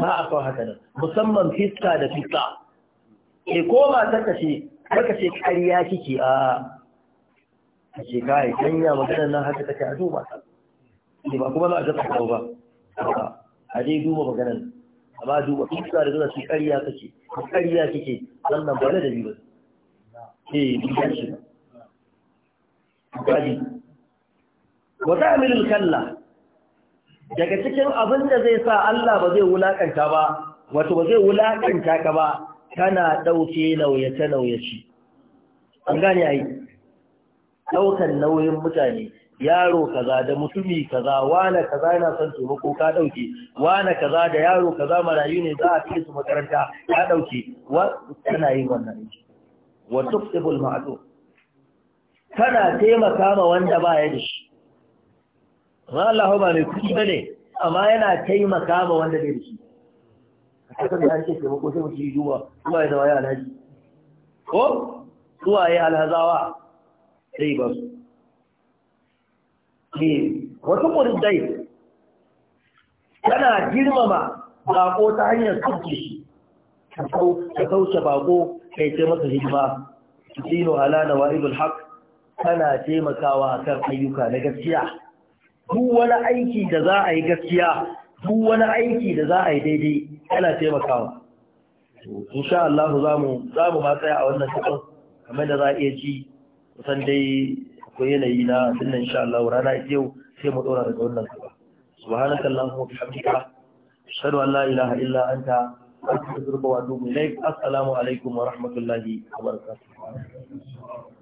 ba a kawo haka nan musamman fiska da fiska e ko ta kashe ka ce ƙarya kike a ke kai kanya maganar nan haka take a duba ne ba kuma za a ga tsakawa ba a dai duba maganar amma duba fuska da zuwa su ƙarya kake ƙarya kake wannan ba da biyu ba eh biyan shi kaji wa amirin kalla daga cikin abin da zai sa Allah ba zai wulakanta ba wato ba zai wulakanta ka ba kana dauke nauyace shi an gane ai ɗaukan nauyin mutane yaro kaza da mutumi kaza wane kaza yana son taimako ka ɗauke wane kaza da yaro kaza marayu ne za a kai su makaranta ka ɗauke wa tana yin wannan wa tuqtibul ma'du tana taimaka ma wanda ba ya da shi Allah ba mai kuɗi ne. amma yana taimaka ma wanda bai da shi akan da ake taimako sai mu yi duba kuma ya zama ya alhaji ko suwaye alhazawa sai ne eh, wasu muridai yana girmama bako ta hanyar sauke shi ta sauke bako kai ce masa hidima tsino ala na wa'idul haq tana taimakawa a kan ayyuka na gaskiya duk wani aiki da za a yi gaskiya duk wani aiki da za a yi daidai yana taimakawa insha Allah za mu za mu ma tsaya a wannan cikin kamar da za a iya ci? kusan dai akwai yanayi na dinnan insha Allah rana yau sai mu dora daga wannan gaba subhanaka allahumma wa bihamdika ashhadu an la ilaha illa anta astaghfiruka wa atubu ilaik assalamu alaikum wa rahmatullahi wa barakatuh